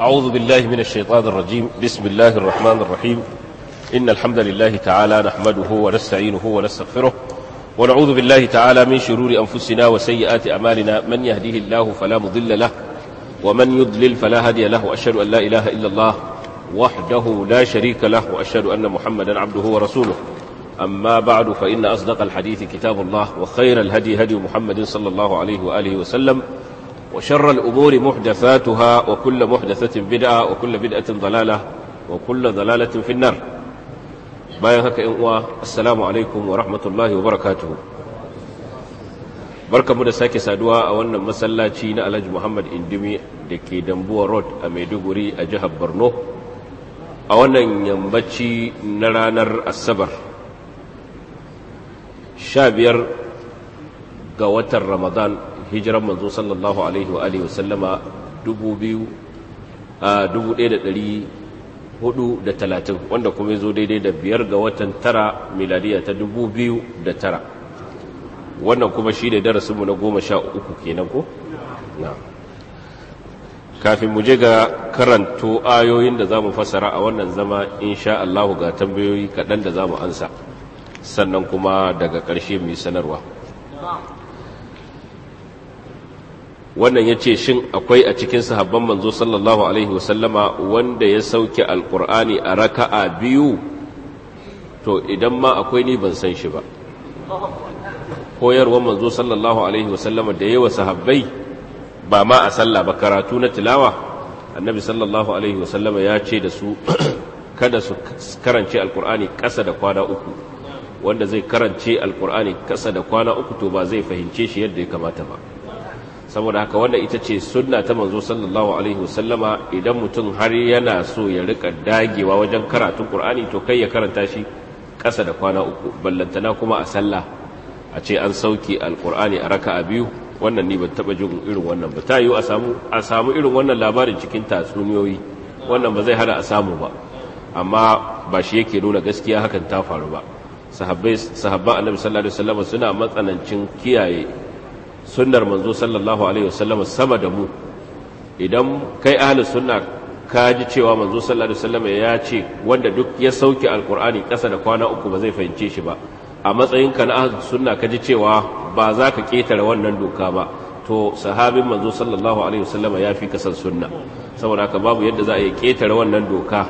أعوذ بالله من الشيطان الرجيم بسم الله الرحمن الرحيم إن الحمد لله تعالى نحمده ونستعينه ونستغفره ونعوذ بالله تعالى من شرور أنفسنا وسيئات أمالنا من يهديه الله فلا مضل له ومن يضلل فلا هادي له وأشهد أن لا إله إلا الله وحده لا شريك له وأشهد أن محمدا عبده ورسوله أما بعد فإن أصدق الحديث كتاب الله وخير الهدي هدي محمد صلى الله عليه وآله وسلم وشر الأمور محدثاتها وكل محدثة بدعة وكل بدعة bayan haka in uwa assalamu alaikum wa rahmatullahi wa barakatuhu barkamu da sake saduwa a wannan masallaci na Alhaji Muhammad Indimi da ke Dambuwa Road a Maiduguri a jihar Borno a wannan yambaci na ranar Asabar 15 ga watan Ramadan hijiran manzo sallallahu alaihi wa alihi wasallama talatin wanda kuma zo daidai da biyar ga watan tara miladiya ta 2009 wannan kuma shi ne darasinmu na goma sha uku kenan ko? kafin mu je ga karanto ayoyin da zamu mu fasara a wannan zama insha Allahu ga tambayoyi kaɗan da za mu ansa sannan kuma daga ƙarshe mai sanarwa wannan ya ce shin akwai a cikin sahabban manzo sallallahu alaihi wasallama wanda ya sauke alkur'ani a raka'a biyu to idan ma akwai ni ban san shi ba koyarwar manzo sallallahu alaihi wasallama da yawa sahabbai ba ma a sallah ba karatu na tilawa annabi sallallahu alaihi wasallama ya ce da su kada su karance alkur'ani ƙasa da kwana uku wanda zai karance alkur'ani ƙasa da kwana uku to ba zai fahimce shi yadda ya kamata ba saboda haka wanda ita ce sunna ta manzo sallallahu alaihi wasallama idan mutum har yana so ya rika dagewa wajen karatun qur'ani to kai ya karanta shi kasa da kwana uku ballantana kuma a sallah a ce an sauki alqur'ani a raka'a biyu wannan ni ban taba jin irin wannan ba ta yiwu a samu a samu irin wannan labarin cikin tatsuniyoyi wannan ba zai hada a samu ba amma ba shi yake nuna gaskiya hakan ta faru ba sahabbai sahabban annabi sallallahu alaihi wasallam suna matsanancin kiyaye sunnar manzo sallallahu alaihi wasallam sama da mu idan kai ahli sunna ka ji cewa manzo sallallahu alaihi wasallam ya ce wanda duk ya sauke alqur'ani kasa da kwana uku ba zai fahimce shi ba a matsayin ka na ahli sunna ka ji cewa ba za ka ketare wannan doka ba to sahabin manzo sallallahu alaihi wasallam ya fi kasan sunna saboda haka babu yadda za a yi ketare wannan doka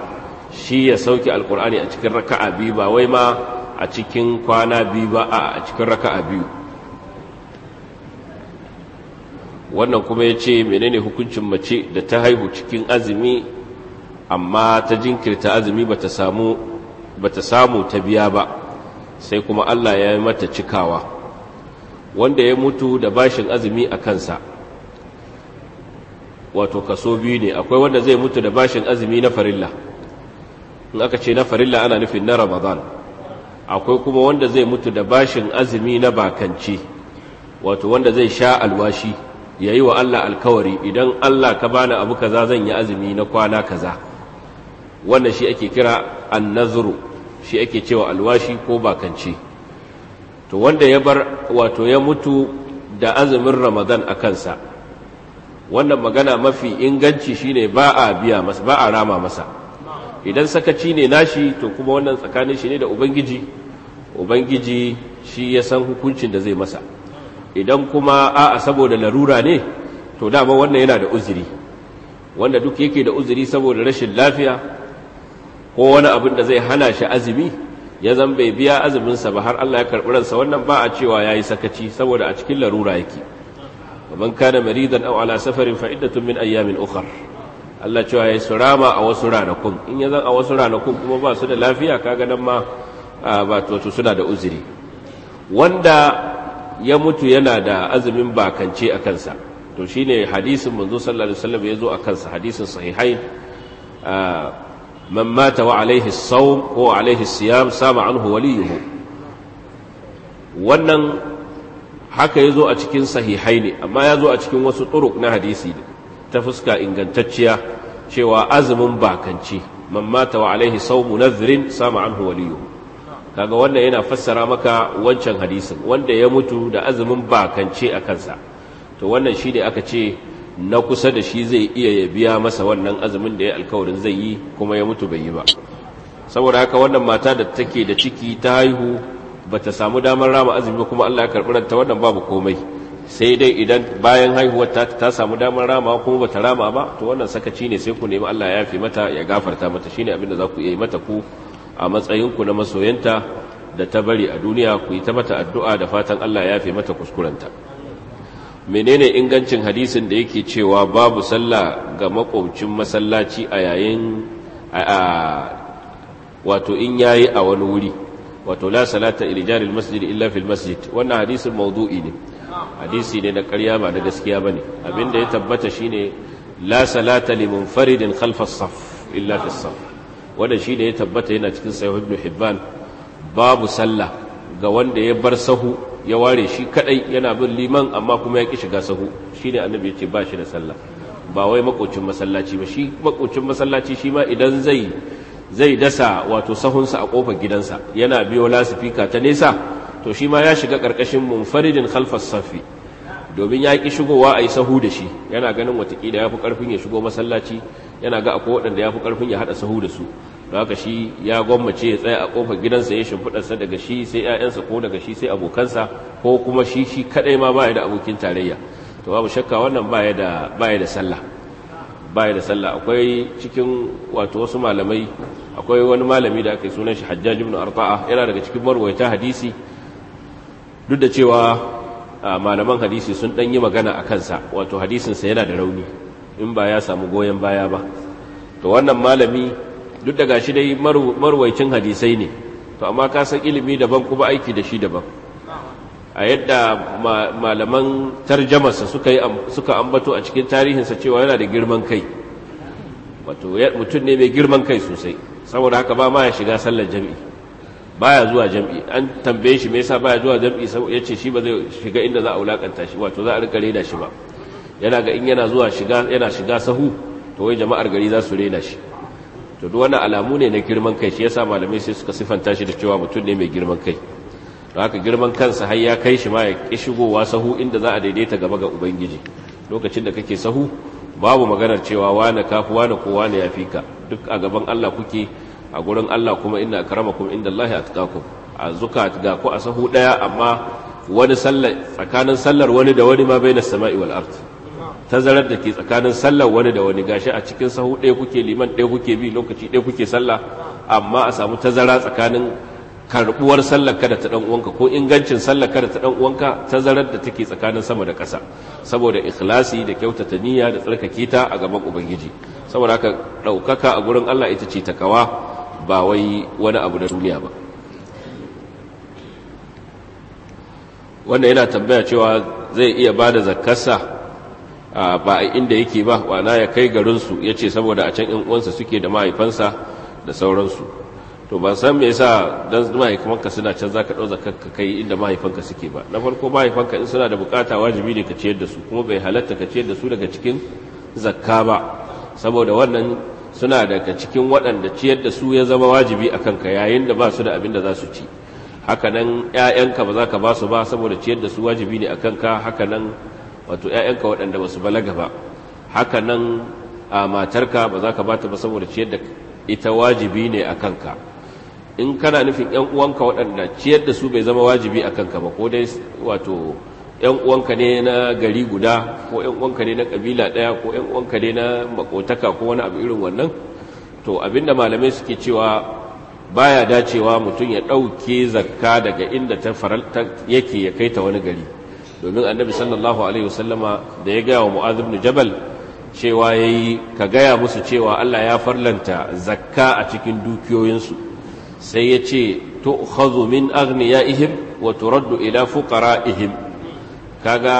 shi ya sauke alqur'ani a cikin raka'a biyu ba wai ma a cikin kwana biyu ba a cikin raka'a biyu wannan kuma ya ce menene hukuncin mace da ta haihu cikin azumi amma ta jinkirta azumi ba ta samu ta biya ba sai kuma Allah ya yi mata cikawa wanda ya mutu da bashin azumi a kansa wato kaso biyu ne akwai wanda zai mutu da bashin azumi na farilla in aka ce na farilla ana nufin na ramadan akwai kuma wanda zai mutu da bashin azumi na bakanci wato wanda zai sha alwashi ya yi wa Allah alkawari idan Allah ka bani abu kaza zan yi azumi na kwana kaza wannan shi ake kira annazuru shi ake cewa alwashi ko bakance to wanda ya bar wato ya mutu da azumin ramadan a kansa wannan magana mafi inganci shine ba a biya masa ba a rama masa idan sakaci ne nashi to kuma wannan tsakanin shi ne da ubangiji ubangiji shi ya san hukuncin da zai masa idan kuma a'a saboda larura ne to dama wannan yana da uzuri wanda duk yake da uzuri saboda rashin lafiya ko wani abin da zai hana shi azumi ya zan bai biya azuminsa ba har Allah ya karɓi ransa wannan ba a cewa ya yi sakaci saboda a cikin larura yake man kana maridan aw ala safarin fa iddatun min ayyamin ukhra Allah cewa ya surama a wasu ranakun in ya zan a wasu ranakun kuma ba su da lafiya kaga nan ma ba to suna da uzuri wanda ya mutu yana da azumin bakance a kansa to shi ne hadisin manzo sallallahu alaihi wasallam ya zo a kansa hadisin sahihain ah, man mata wa alaihi sawm ko alaihi siyam sama anhu waliyuhu wannan haka ya zo a cikin sahihai ne amma ya zo a cikin wasu turuk na hadisi ta fuska ingantacciya cewa azumin bakanci man mata wa alaihi sawm nadhrin sama anhu waliyuhu kaga wannan yana fassara maka wancan hadisin wanda ya mutu da azumin bakance a kansa to wannan shi ne aka ce na kusa da shi zai iya ya biya masa wannan azumin da ya alkawarin zai yi kuma ya mutu bai yi ba saboda haka wannan mata da take da ciki ta haihu bata samu damar rama azumi ba kuma Allah ya karɓi ranta wannan babu komai sai dai idan bayan haihuwar ta ta samu damar rama kuma bata rama ba to wannan sakaci ne sai ku nemi Allah ya yafe mata ya gafarta mata shine abin da za ku iya yi mata ku a matsayinku na masoyanta da ta bari a duniya ku yi ta mata addu'a da fatan Allah ya fi mata kuskurenta menene ingancin hadisin da yake cewa babu sallah ga makwabcin masallaci a yayin wato in yayi a wani wuri wato la salata ilijaril masjid illa fil masjid wannan hadisin maudu'i ne hadisi ne na ƙarya ba da gaskiya ba Abin abinda ya tabbata shine la salata limunfaridin khalfas saf illa fis saf wanda shi ne ya tabbata yana cikin sahih ibn hibban babu sallah ga wanda ya bar sahu ya ware shi kadai yana bin liman amma kuma ya ki shiga sahu shi ne annabi ya ce ba shi da sallah ba wai makocin masallaci ba shi makocin masallaci shi ma idan zai dasa wato sahunsa a kofar gidansa yana biyo lasifika ta nesa to shi ma ya shiga karkashin munfaridin khalfas safi domin ya ƙi shigowa a yi sahu da shi yana ganin da ya fi ƙarfin ya shigo masallaci yana ga akwai waɗanda ya fi ƙarfin ya haɗa sahu da su da haka shi ya gwammace ya tsaya a ƙofar gidansa ya shimfiɗarsa daga shi sai 'ya'yansa ko daga shi sai abokansa ko kuma shi shi kaɗai ma ba ya da abokin tarayya to babu shakka wannan ba ya da sallah ba ya da sallah akwai cikin wato wasu malamai akwai wani malami da aka yi sunan shi hajjaj ibn arta'a yana daga cikin marwaita hadisi duk da cewa malaman hadisi sun ɗan yi magana a kansa wato hadisinsa yana da rauni in ba ya samu goyon baya ba to wannan malami duk da shi dai marwaicin hadisai ne to amma ka san ilimi daban kuma aiki da shi daban a yadda malaman tarjamarsa suka ambato a cikin tarihinsa cewa yana da girman kai wato mutum ne mai girman kai sosai saboda haka ba ma ya shiga sallar jami'i baya zuwa jam'i an tambaye shi me yasa baya zuwa jam'i yace shi ba zai shiga inda za a wulakanta shi wato za a rika reda shi ba yana ga in yana zuwa shiga yana shiga sahu to wai jama'ar gari za su reda shi to duk wani alamu ne na girman kai shi yasa malamai sai suka sifanta shi da cewa mutum ne mai girman kai to haka girman kansa har ya kai shi ma ya ki shigowa sahu inda za a daidaita gaba ga ubangiji lokacin da kake sahu babu maganar cewa wane kafi wane ko wane ya fika duk a gaban Allah kuke a gurin Allah kuma inna akramakum indallahi atqakum a zuka ga ku a sahu daya amma wani sallar tsakanin sallar wani da wani ma bai na sama'i wal ard tazarar da ke tsakanin sallar wani da wani gashi a cikin sahu daya kuke liman daya kuke bi lokaci daya kuke sallah amma a samu tazara tsakanin karbuwar sallar kada ta dan uwanka ko ingancin sallar kada ta dan uwanka tazarar da take tsakanin sama da ƙasa saboda ikhlasi da kyautata niyya da tsarkake ta a gaban ubangiji saboda haka ɗaukaka a gurin Allah ita ce takawa ba wai wani abu na duniya ba wanda yana tambaya cewa zai iya ba da zakarsa ba a inda yake ba wana ya kai garinsu ya ce saboda a can yan uwansa suke da mahaifansa da sauransu to ba san me yasa don mahaifanka suna can zaka ɗauza kanka kai inda mahaifanka suke ba na farko mahaifanka in suna da bukata wajibi ne ka ciyar da su kuma bai halatta ka ciyar da su daga cikin zakka ba saboda wannan suna daga cikin waɗanda ciyar da su ya zama wajibi a kanka yayin da ba su da abin da za su ci hakanan ‘ya'yanka ba za ka ba su ba saboda ciyar da su wajibi ne a kanka hakanan wato ‘ya'yanka waɗanda ba su balaga ba hakanan a matarka ba za ka ba ta ba saboda ciyar da ita wajibi ne a kanka in kana nufin ‘yan uwanka waɗanda ciyar da su bai zama wajibi a kanka ba ko dai wato yan uwanka ne na gari guda ko yan uwanka ne na kabila ɗaya ko yan uwanka ne na makotaka ko wani abu irin wannan to abinda malamai suke cewa baya dacewa mutum ya ɗauke zakka daga inda ta faranta yake ya kai ta wani gari domin annabi sallallahu alaihi wasallama da ya gaya wa mu'adh ibn jabal cewa yayi ka gaya musu cewa Allah ya farlanta zakka a cikin dukiyoyinsu sai ya ce tu'khadhu min aghniyaihim wa turaddu ila ihim. kaga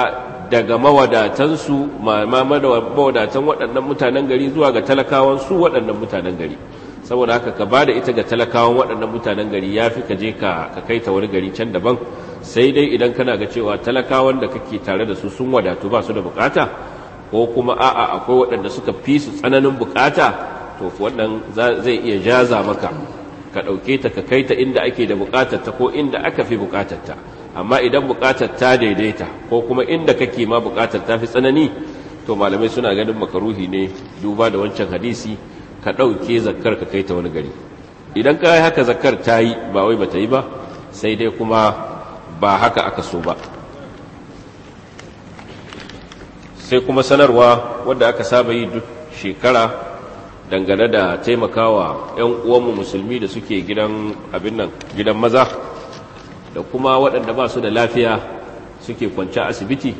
daga mawadatansu ma mawadatan waɗannan mutanen gari zuwa ga talakawan su waɗannan mutanen gari saboda haka ka ba da ita ga talakawan waɗannan mutanen gari ya fi ka je ka kai ta wani gari can daban sai dai idan kana ga cewa talakawan da kake tare da su sun wadatu ba su da bukata ko kuma a'a akwai waɗanda suka fi su tsananin bukata to wannan zai iya jaza maka ka ɗauke ta ka kai ta inda ake da bukatar ta ko inda aka fi bukatar ta amma idan buƙatar ta daidaita ko kuma inda kake ma buƙatar ta fi tsanani to malamai suna ganin makaruhi ne duba da wancan hadisi ka ɗauke zakkar ka kai ta wani gari idan ka haka zakkar ta yi ba wai ba ta yi ba sai dai kuma ba haka aka so ba sai kuma sanarwa wadda aka saba yi duk shekara dangane da taimakawa 'yan uwanmu musulmi da suke gidan abin nan gidan maza da kuma waɗanda ba su da lafiya suke kwanci asibiti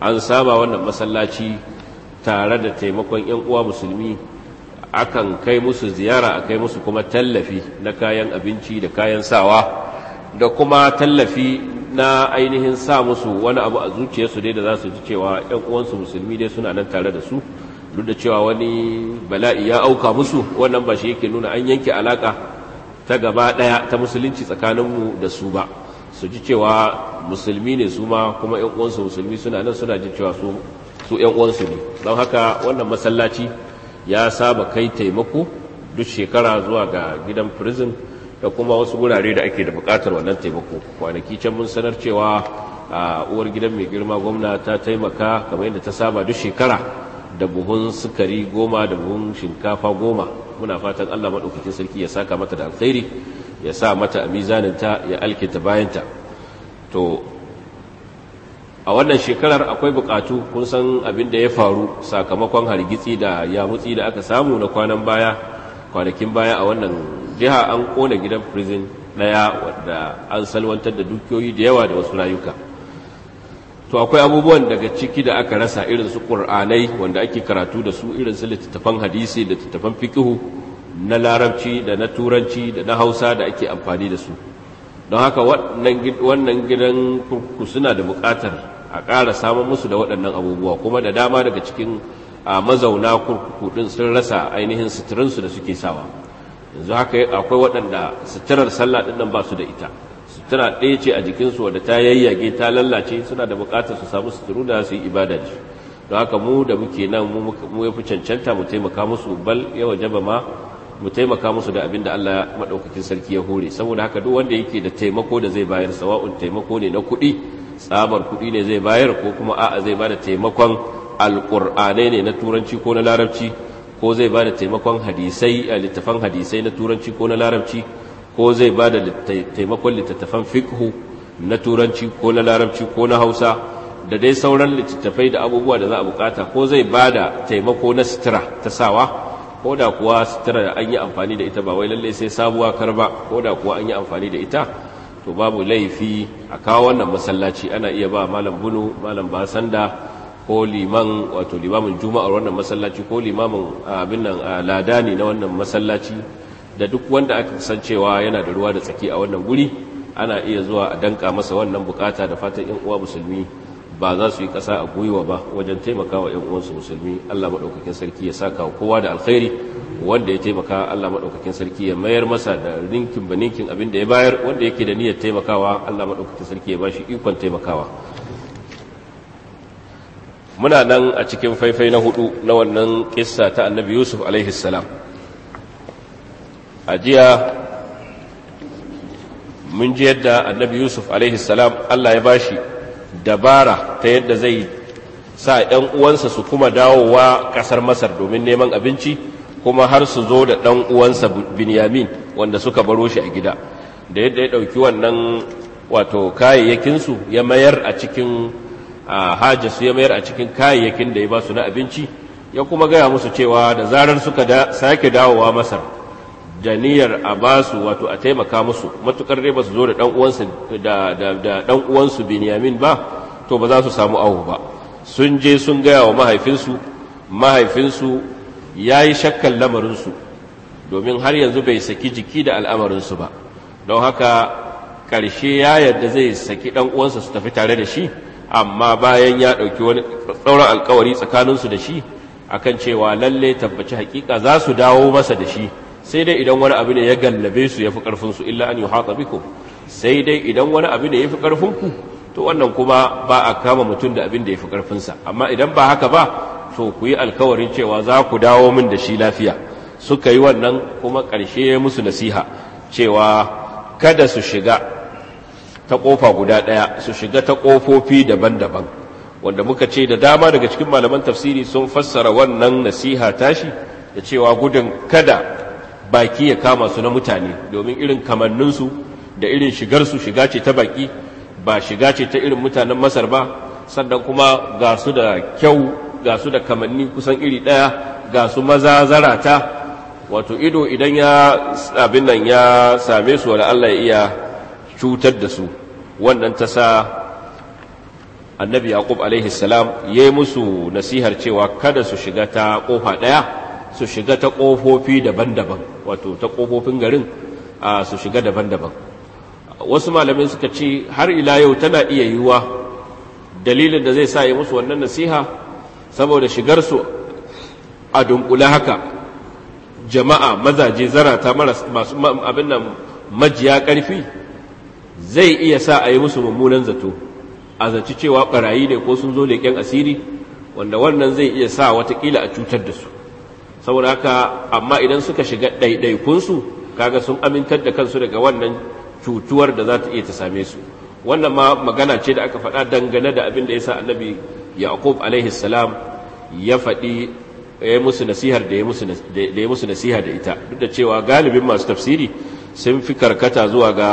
an saba wannan masallaci tare da taimakon 'yan uwa musulmi akan kai musu ziyara a kai musu kuma tallafi na kayan abinci da kayan sawa da kuma tallafi na ainihin sa musu wani abu a zuciyarsu dai da za su ji cewa 'yan uwansu musulmi dai suna nan tare da su duk da cewa wani bala'i ya auka musu wannan ba shi yake nuna an yanke alaka ta gaba ɗaya ta musulunci tsakaninmu da su ba su ji cewa musulmi ne su ma kuma yan uwansu musulmi suna nan suna ji cewa su yan uwansu ne don haka wannan masallaci ya saba kai taimako duk shekara zuwa ga gidan prison da kuma wasu wurare da ake da bukatar wannan taimako kwanaki can mun sanar cewa a uwar gidan mai girma gwamna ta taimaka kamar yadda ta saba duk shekara da buhun sukari goma da buhun shinkafa goma muna fatan allah maɗaukakin sarki ya saka mata da alkhairi ya sa mata a mizaninta ya alkinta bayanta to a wannan shekarar akwai bukatu kun san abin da ya faru sakamakon hargitsi da yamutsi da aka samu na kwanan baya kwanakin baya a wannan jiha an kona gidan prison daya wadda an salwantar da dukiyoyi da yawa da wasu rayuka to akwai abubuwan daga ciki da aka rasa irin su ƙur'anai wanda ake karatu da su irin su littattafan hadisi da littattafan fiqhu na larabci da na turanci da na hausa da ake amfani da su don haka wannan gidan kurkuku suna da bukatar a ƙara samun musu da waɗannan abubuwa kuma da dama daga cikin a mazauna kurkuku ɗin sun rasa ainihin suturinsu da suke sawa yanzu haka akwai waɗanda suturar sallah ɗin nan ba su da ita sutura ɗaya ce a jikinsu wadda ta yayyage ta lallace suna da bukatar su samu suturu da su yi ibada da shi don haka mu da muke nan mu ya fi cancanta mu taimaka musu bal yawa jaba ma mu taimaka musu da abin da Allah maɗaukakin sarki ya hore saboda haka duk wanda yake da taimako da zai bayar sawa'un taimako ne na kuɗi tsabar kuɗi ne zai bayar ko kuma a'a zai bada taimakon alƙur'anai ne na turanci ko na larabci ko zai bada taimakon hadisai a littafan hadisai na turanci ko na larabci ko zai bada taimakon littattafan fiqhu na turanci ko na larabci ko na hausa da dai sauran littattafai da abubuwa da za a bukata ko zai bada taimako na sitira ta sawa ko da kuwa sutura da an yi amfani da ita ba wai lallai sai sabuwa karba ko da kuwa an yi amfani da ita to babu laifi a kawo wannan masallaci ana iya ba malam bunu malam basanda ko liman wato limamin juma'ar wannan masallaci ko limamin abin nan ladani na wannan masallaci da duk wanda aka san cewa yana da ruwa da tsaki a wannan guri ana iya zuwa a danka masa wannan bukata da fatan yan uwa musulmi ba za su yi ƙasa a gwiwa ba wajen taimakawa ‘yan uwansu musulmi Allah maɗaukakin sarki ya saka kowa da alkhairi wanda ya taimaka Allah maɗaukakin sarki ya mayar masa da rinkin ba ninkin abin da ya bayar wanda yake da niyyar taimakawa Allah maɗaukakin sarki ya ba shi ikon taimakawa muna nan a cikin faifai na hudu na wannan kissa ta annabi yusuf alaihi salam a jiya mun ji yadda annabi yusuf alaihi salam Allah ya bashi dabara ta yadda zai sa ‘yan uwansa su kuma dawowa ƙasar masar domin neman abinci kuma har su zo da ɗan uwansa binyamin wanda suka baro shi a gida da yadda ya ɗauki wannan wato kayayyakinsu ya mayar a cikin hajjasu ya mayar a cikin kayayyakin da ya ba su na abinci ya kuma gaya musu cewa da zarar suka sake dawowa masar da a basu wato a taimaka musu matukar dai ba su zo da dan uwansu da dan uwansu Binyamin ba to ba za su samu awo ba sun je sun gaya wa mahaifinsu mahaifinsu yayi shakkan lamarinsu domin har yanzu bai saki jiki da al'amarinsu ba don haka karshe ya yadda zai saki dan uwansa su tafi tare da shi amma bayan ya ɗauki wani tsauran alkawari tsakaninsu da shi akan cewa lalle tabbaci hakika za su dawo masa da shi sai dai idan wani abu ne ya gallabe su ya fi ƙarfinsu illa an yi haƙa biku sai dai idan wani abu ne ya fi ƙarfinku to wannan kuma ba a kama mutum da abin da ya fi ƙarfinsa amma idan ba haka ba to ku yi alkawarin cewa za ku dawo min da shi lafiya suka yi wannan kuma ƙarshe musu nasiha cewa kada su shiga ta ƙofa guda ɗaya su shiga ta ƙofofi daban-daban wanda muka ce da dama daga cikin malaman tafsiri sun fassara wannan nasiha tashi da cewa gudun kada baki ya kama su na mutane domin irin kamanninsu da irin shigarsu shiga ce ta baki ba shiga ce ta irin mutanen masar ba sannan kuma ga su da kyau ga su da kamanni kusan iri ɗaya ga su maza zarata wato ido idan ya abin nan ya same su wani allah ya iya cutar da su wannan ta sa annabi yaqub alaihi salam ya musu nasihar cewa kada su shiga ta ƙofa ɗaya su shiga ta kofofi daban-daban wato ta ƙofofin garin a su shiga daban-daban wasu malamai suka ce har ila yau tana iya yiwuwa dalilin da zai sa yi musu wannan nasiha saboda shigarsu a dunkule haka jama'a mazaje zarata masu abin nan majiya ƙarfi zai iya sa a yi musu mummunan zato a zaci cewa ɓarayi ne ko sun zo leƙen asiri wanda wannan zai iya sa watakila a cutar da su saboda haka amma idan suka shiga ɗaiɗaikunsu kaga sun amintar da kansu daga wannan cutuwar da za ta iya ta same su wannan ma magana ce da aka faɗa dangane da abin da ya sa annabi yaqub alaihi salam ya faɗi ya yi musu nasihar da ya musu nasiha da ita duk da cewa galibin masu tafsiri sun fi karkata zuwa ga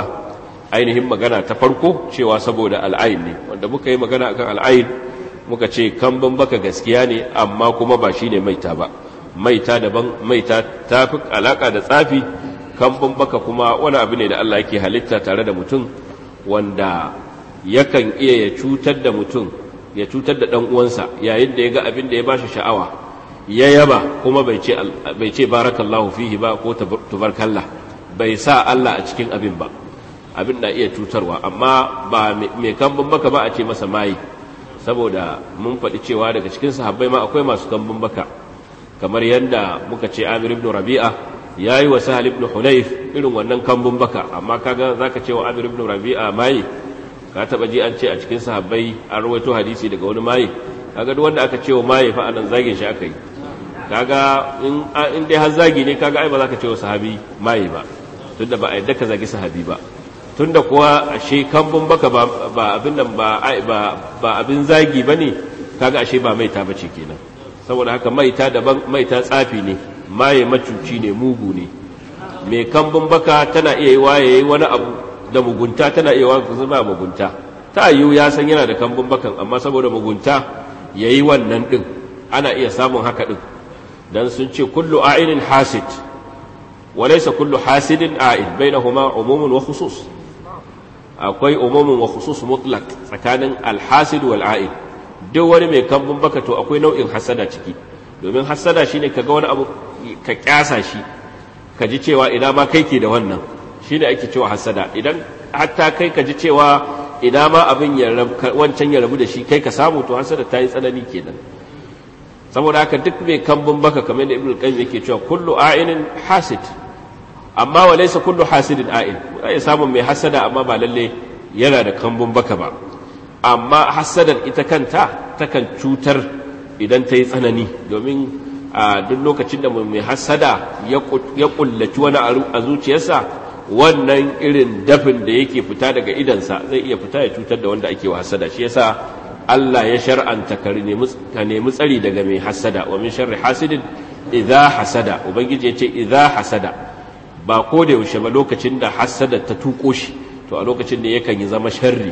ainihin magana ta farko cewa saboda al'ayin ne wanda muka yi magana akan al'ayin muka ce kan baka gaskiya ne amma kuma ba shi ne maita ba maita daban maita ta fi alaka da tsafi kambun baka kuma wani abu ne da Allah yake halitta tare da mutum wanda yakan iya ya cutar da mutum ya cutar da ɗan uwansa yayin da ya ga abin da ya bashi sha'awa ya yaba kuma bai ce barakallahu fihi ba ko tubarkalla bai sa Allah a cikin abin ba abin na iya cutarwa amma ba mai kambun baka ba a ce masa mayi saboda mun faɗi cewa daga cikin sahabbai ma akwai masu kambun baka kamar yadda muka ce amir ibn rabi'a ya yi wa sahal ibn irin wannan kambun baka amma kaga zaka ce wa amir ibn rabi'a mai ka taba ji an ce a cikin sahabbai an rawaito hadisi daga wani mai kaga duk wanda aka ce wa mai fa anan zagin shi aka yi kaga in in dai har zagi ne kaga ai ba zaka ce wa sahabi mai ba tunda ba a yadda ka zagi sahabi ba tunda kuwa ashe kambun baka ba abin nan ba ba abin zagi bane kaga ashe ba mai ta bace kenan saboda haka maita daban maita tsafi ne maye macuci ne mugu ne mai kambun baka tana iya yi waye wani abu da mugunta tana iya wa ba mugunta ta yiwu ya san yana da kambun bakan amma saboda mugunta ya yi wannan ɗin ana iya samun haka ɗin don sun ce kullu a'inin hasid walaisa kullu hasidin a'in huma umumin wa khusus akwai umumin wa khusus mutlak tsakanin alhasid wal a'in. duk wani mai kambun baka to akwai nau'in hasada ciki domin hasada shi ka kaga wani abu ka kyasa shi ka ji cewa ina ma kai ke da wannan shi ne ake cewa hasada idan hatta kai ka ji cewa ina ma abin ya wancan ya rabu da shi kai ka samu to hasada ta yi tsanani kenan saboda haka duk mai kambun baka kamar da al qayyim yake cewa kullu a'inin hasid amma wa laysa kullu hasidin a'in ai samun mai hasada amma ba lalle yana da kambun baka ba amma hasadar ita kanta takan cutar idan ta yi tsanani domin a duk lokacin da mai hasada ya kullaci wani a zuciyarsa wannan irin dafin da yake fita daga idansa zai iya fita ya cutar da wanda ake wa hasada shi yasa Allah ya shar'anta ka nemi tsari daga mai hasada wa min sharri hasidin idza hasada ubangiji yace idza hasada ba ko da yaushe ba lokacin da hasada ta tuko shi to a lokacin da yakan yi zama sharri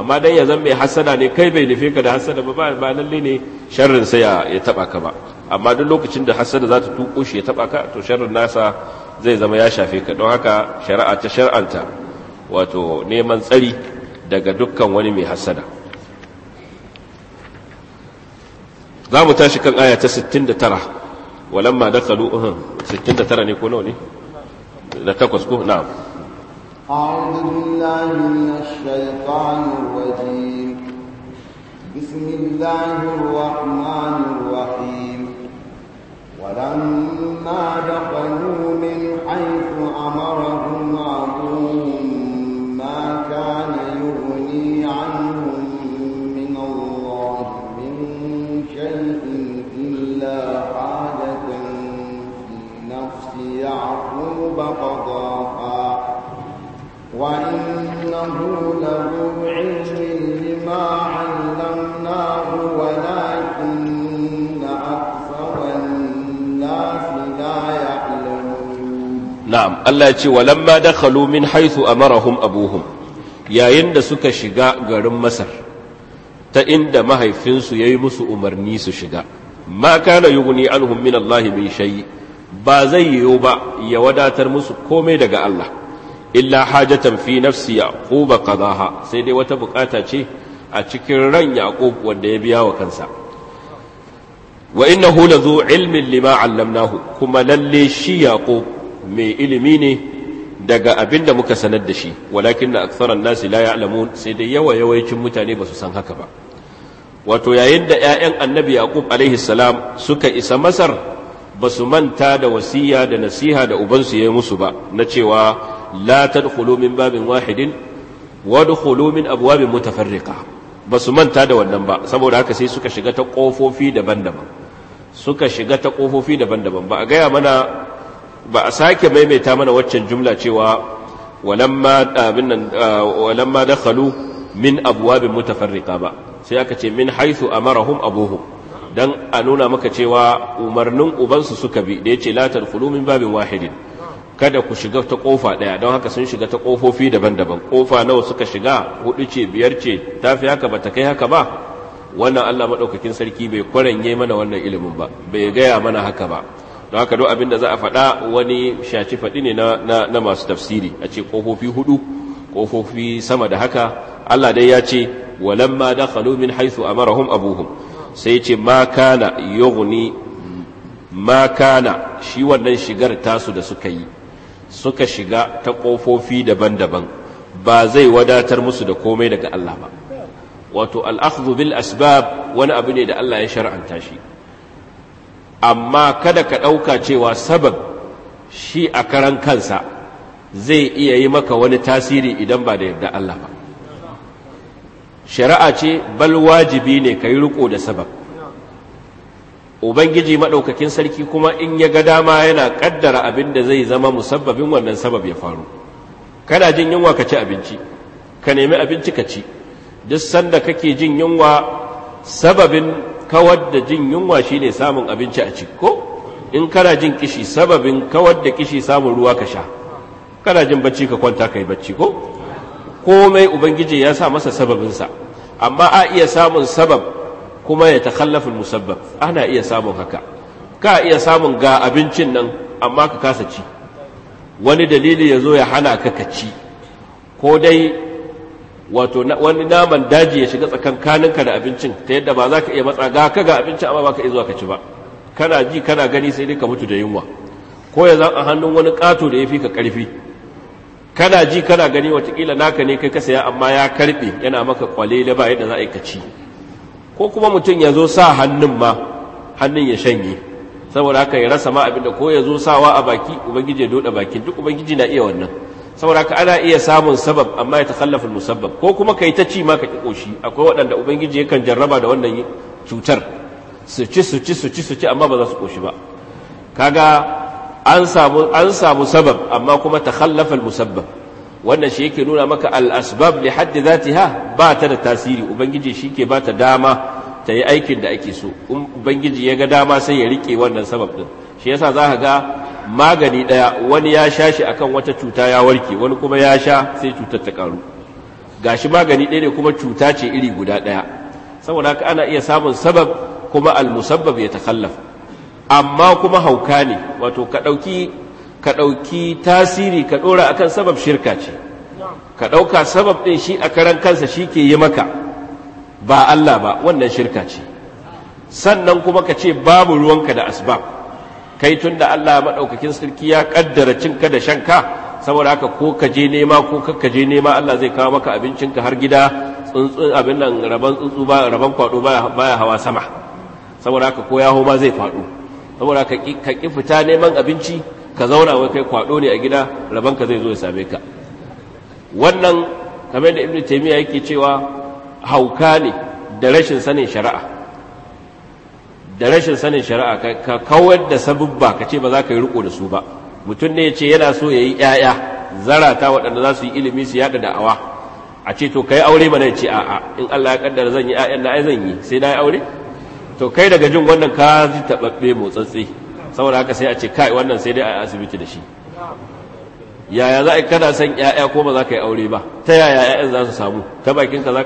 amma dan ya zan mai hasada ne kai bai nufe ka da hasada ba ba lalle ne sharrin sai ya taba ka ba amma duk lokacin da hasada za ta tuko shi ya taba ka to sharrin nasa zai zama ya shafe ka don haka shari'a ta shar'anta wato neman tsari daga dukkan wani mai hasada za mu tashi kan aya ta 69 walamma dakhalu 69 uhm, ne ko nawa ne da takwas ko na'am أعوذ بالله من الشيطان الرجيم بسم الله الرحمن الرحيم ولما دخلوا من حيث أمرهم أبوهم ما كان يغني عنهم من الله من شيء إلا حاجة في نفس يعقوب قضاه وإنه له علم لما علمناه ولكن أكثر الناس لا يعلمون نعم الله يقول ولما دخلوا من حيث أمرهم أبوهم yayin da suka shiga garin Masar ta inda mahaifinsu ya yi musu umarni su shiga ma kana yughni anhum min Allah min shay ba zai yiwu ba ya wadatar musu komai daga Allah illa hajatan fi nafsi Ya'qub qadaha sai dai wata bukata ce a cikin ran yaqub wanda ya biya wa kansa wa innahu lazu ilmin lima allamnahu kuma lalle shi yaqub mai ilimi ne daga abinda muka sanar da shi walakin da nasi la ya'lamun sai dai yawa yawaicin mutane ba su san haka ba wato yayin da ƴaƴan annabi yaqub alaihi salam suka isa masar ba su manta da wasiya da nasiha da ubansu ya yi musu ba na cewa la tadkhulu min babin wahidin wadkhulu min abwabin mutafarriqa basu manta da wannan ba saboda haka sai suka shiga ta kofofi daban-daban suka shiga ta kofofi daban-daban ba a gaya mana ba a sake maimaita mana waccan jumla cewa walamma abin dakhalu min abwabin mutafarriqa ba sai aka ce min haythu amarahum abuhum dan a nuna maka cewa umarnin ubansu suka bi da yace la tadkhulu min babin wahidin kada ku shiga ta kofa ɗaya don haka sun shiga ta kofofi daban-daban ƙofa nawa suka shiga hudu ce biyar ce ta fi haka ba ta kai haka ba wannan Allah maɗaukakin sarki bai kwaranye mana wannan ilimin ba bai gaya mana haka ba don haka duk abin da za a faɗa wani shaci faɗi ne na masu tafsiri a ce kofofi hudu ƙofofi sama da haka Allah dai ya ce walamma dakhalu min a marahun abuhun sai ce ma kana makana ma kana shi wannan shigar tasu da suka yi suka shiga ta ƙofofi daban-daban ba zai wadatar musu da komai daga Allah ba wato al'akhdhu bil asbab wani abu ne da Allah ya shar'anta shi amma kada ka ɗauka cewa sabab shi a karan kansa zai iya yi maka wani tasiri idan ba da yarda Allah ba shari'a ce bal wajibi ne ka yi riko da sabab ubangiji maɗaukakin sarki kuma in ya ga dama yana ƙaddara abin da zai zama musabbabin wannan sabab ya faru kana jin yunwa ka ci abinci ka nemi abinci ka ci duk sanda kake jin yunwa sababin kawar da jin yunwa shine samun abinci a ci ko in kana jin kishi sababin kawar da kishi samun ruwa ka sha kana jin bacci ka kwanta kai bacci ko komai ubangiji ya sa masa sababinsa amma a iya samun sabab kuma ya takallafin musabbab ana iya samun haka ka iya samun ga abincin nan amma ka kasa ci wani dalili ya zo ya hana ka ka ci ko dai wato wani naman daji ya shiga tsakankaninka da abincin ta yadda ba za ka iya matsa ga ka ga abincin amma ba ka iya zuwa ka ci ba kana ji kana gani sai dai ka mutu da yunwa ko ya zan hannun wani ƙato da ya fi ka ƙarfi kana ji kana gani watakila naka ne kai ka saya amma ya karɓe yana maka kwalele ba yadda za a yi ka ci ko kuma mutum ya zo sa hannun ma hannun ya shanye saboda haka ya rasa ma abinda ko ya zo sawa a baki ubangiji ya doda baki duk ubangiji na iya wannan saboda haka ana iya samun sabab amma ya takhallafa musabbab ko kuma kai ta ci ma ka koshi akwai waɗanda ubangiji yakan jarraba da wannan cutar su ci su ci su ci su ci amma ba za su koshi ba kaga an samu an samu sabab amma kuma takhallafa musabbab wannan shi yake nuna maka al-asbab li haddi zatiha ba ta da tasiri ubangiji ke ba ta dama ta yi aikin da ake so in ubangiji ya ga dama sai ya rike wannan sabab din shi yasa za ka ga magani ɗaya wani ya sha shi akan wata cuta ya warke wani kuma ya sha sai cutar ta karu gashi magani ɗaya ne kuma cuta ce iri guda ɗaya saboda haka ana iya samun sabab kuma almusabbab ya takallaf amma kuma hauka ne wato ka dauki ka ɗauki tasiri ka ɗora akan sabab shirka ce ka ɗauka sabab ɗin shi a karan kansa shi ke yi maka ba Allah ba wannan shirka ce sannan kuma ka ce babu ruwanka da asbab kai tun da Allah maɗaukakin sarki ya ƙaddara cinka da shanka saboda haka ko ka je nema ko ka je nema Allah zai kawo maka abincinka har gida tsuntsun abin nan raban tsuntsu ba raban kwado baya hawa sama saboda haka ko yaho ma zai kwado saboda haka ka ki fita neman abinci ka zauna wai kai kwado ne a gida rabanka zai zo ya same ka wannan kamar da ibnu taymiya yake cewa hauka ne da rashin sanin shari'a da rashin sanin shari'a ka kawar da sabubba ka ce ba za ka yi riko da su ba mutum ne ya ce yana so ya yi 'ya'ya zarata waɗanda za su yi ilimi su yaɗa da'awa a ce to kai aure mana ce a'a in Allah ya kaddara zan yi ƴaƴan na ai zan yi sai na yi aure to kai daga jin wannan ka ji tababbe motsatsi saboda haka sai a ce kai wannan sai dai a asibiti da shi yaya za a kada san ‘ya'ya ko ba za ka yi aure ba ta yaya ‘ya'yan za su samu ta bakinka za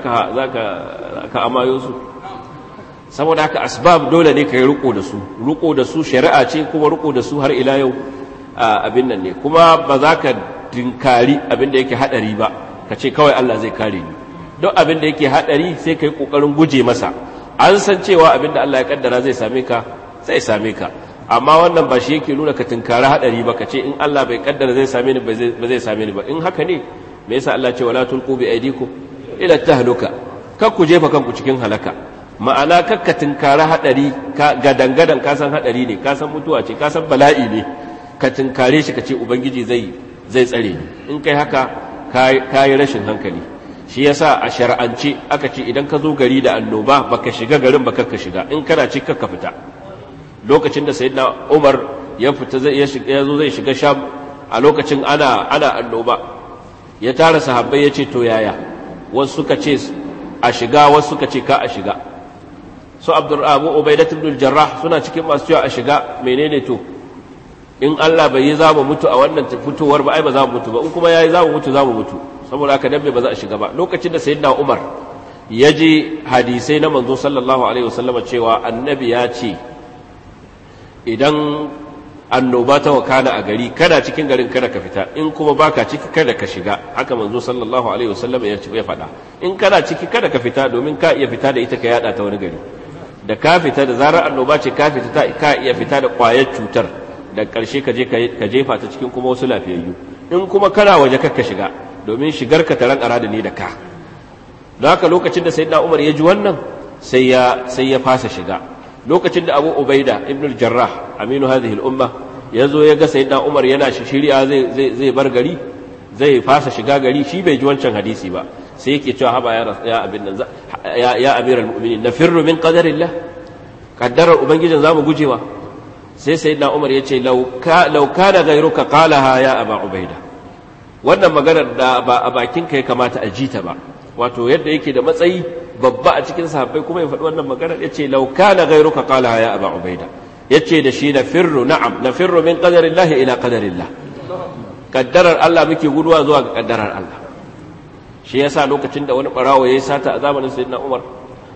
ka amayo su saboda haka asbab dole ne ka yi riko da su riko da su shari'a ce kuma riko da su har ila yau abin nan ne kuma ba za ka dinkari abin da yake haɗari ba ka ce kawai Allah zai kare ni don abin da yake haɗari sai ka yi ƙoƙarin guje masa an san cewa abin da Allah ya kaddara zai same ka zai same ka amma wannan ba shi yake nuna ka tunkari hadari ba ka ce in Allah bai kaddara zai same ni ba zai same ni ba in haka ne me yasa Allah ce wala tulqu bi aydikum ila tahluka kar ku jefa kanku cikin halaka ma'ana kar ka tunkari hadari ka gadangadan ka san hadari ne ka san mutuwa ce ka san bala'i ne ka tunkare shi ka ce ubangiji zai zai tsare ni in kai haka ka yi rashin hankali shi yasa a shar'ance aka ce idan ka zo gari da annoba baka shiga garin baka ka shiga in kana cikin ka fita lokacin da sayyidina umar ya fita zai ya zo zai shiga sham a lokacin ana ana annoba ya tara sahabbai ya ce to yaya wasu suka ce a shiga wasu suka ce ka a shiga su abdul abu ubaidat ibn jarrah suna cikin masu cewa a shiga menene to in Allah bai yi za mu mutu a wannan fitowar ba ai ba za mu mutu ba in kuma yayi za mu mutu za mu mutu saboda haka dan ba za a shiga ba lokacin da sayyidina umar ya ji hadisai na manzo sallallahu alaihi wasallama cewa annabi ya ce idan annoba ta wakana a gari kana cikin garin kada ka fita in kuma baka ciki kada ka shiga haka manzo sallallahu alaihi wasallam ya ce ya faɗa in kana ciki kada ka fita domin ka iya fita da ita ka yada ta wani gari da ka fita da zarar annoba ce ka fita ka iya fita da ƙwayar cutar da ƙarshe ka je ka jefa ta cikin kuma wasu lafiyayyu in kuma kana waje ka shiga domin shigar ka taran arada ne da ka don haka lokacin da sayyidina Umar ya ji wannan sai ya sai ya fasa shiga lokacin da abu ubaida ibn jarrah aminu hadhihi al-umma yazo ya ga sayyidina umar yana shirya zai zai bar gari zai fasa shiga gari shi bai ji wancan hadisi ba sai yake cewa haba ya ya abin nan ya ya amiral mu'minin nafirru min qadarillah qaddarar ubangijin zamu gujewa sai sayyidina umar ya ce law ka law kana ghayruka qalaha ya aba ubaida wannan maganar da ba a bakin ya kamata a jita ba wato yadda yake da matsayi babba a cikin sahabbai kuma ya faɗi wannan maganar yace law kana ghayruka kala ya aba ubaida yace da shi na firru na'am na firru min qadarillah ila qadarillah kaddarar Allah muke guduwa zuwa ga kaddarar Allah shi yasa lokacin da wani barawo yi sata a zamanin sayyidina Umar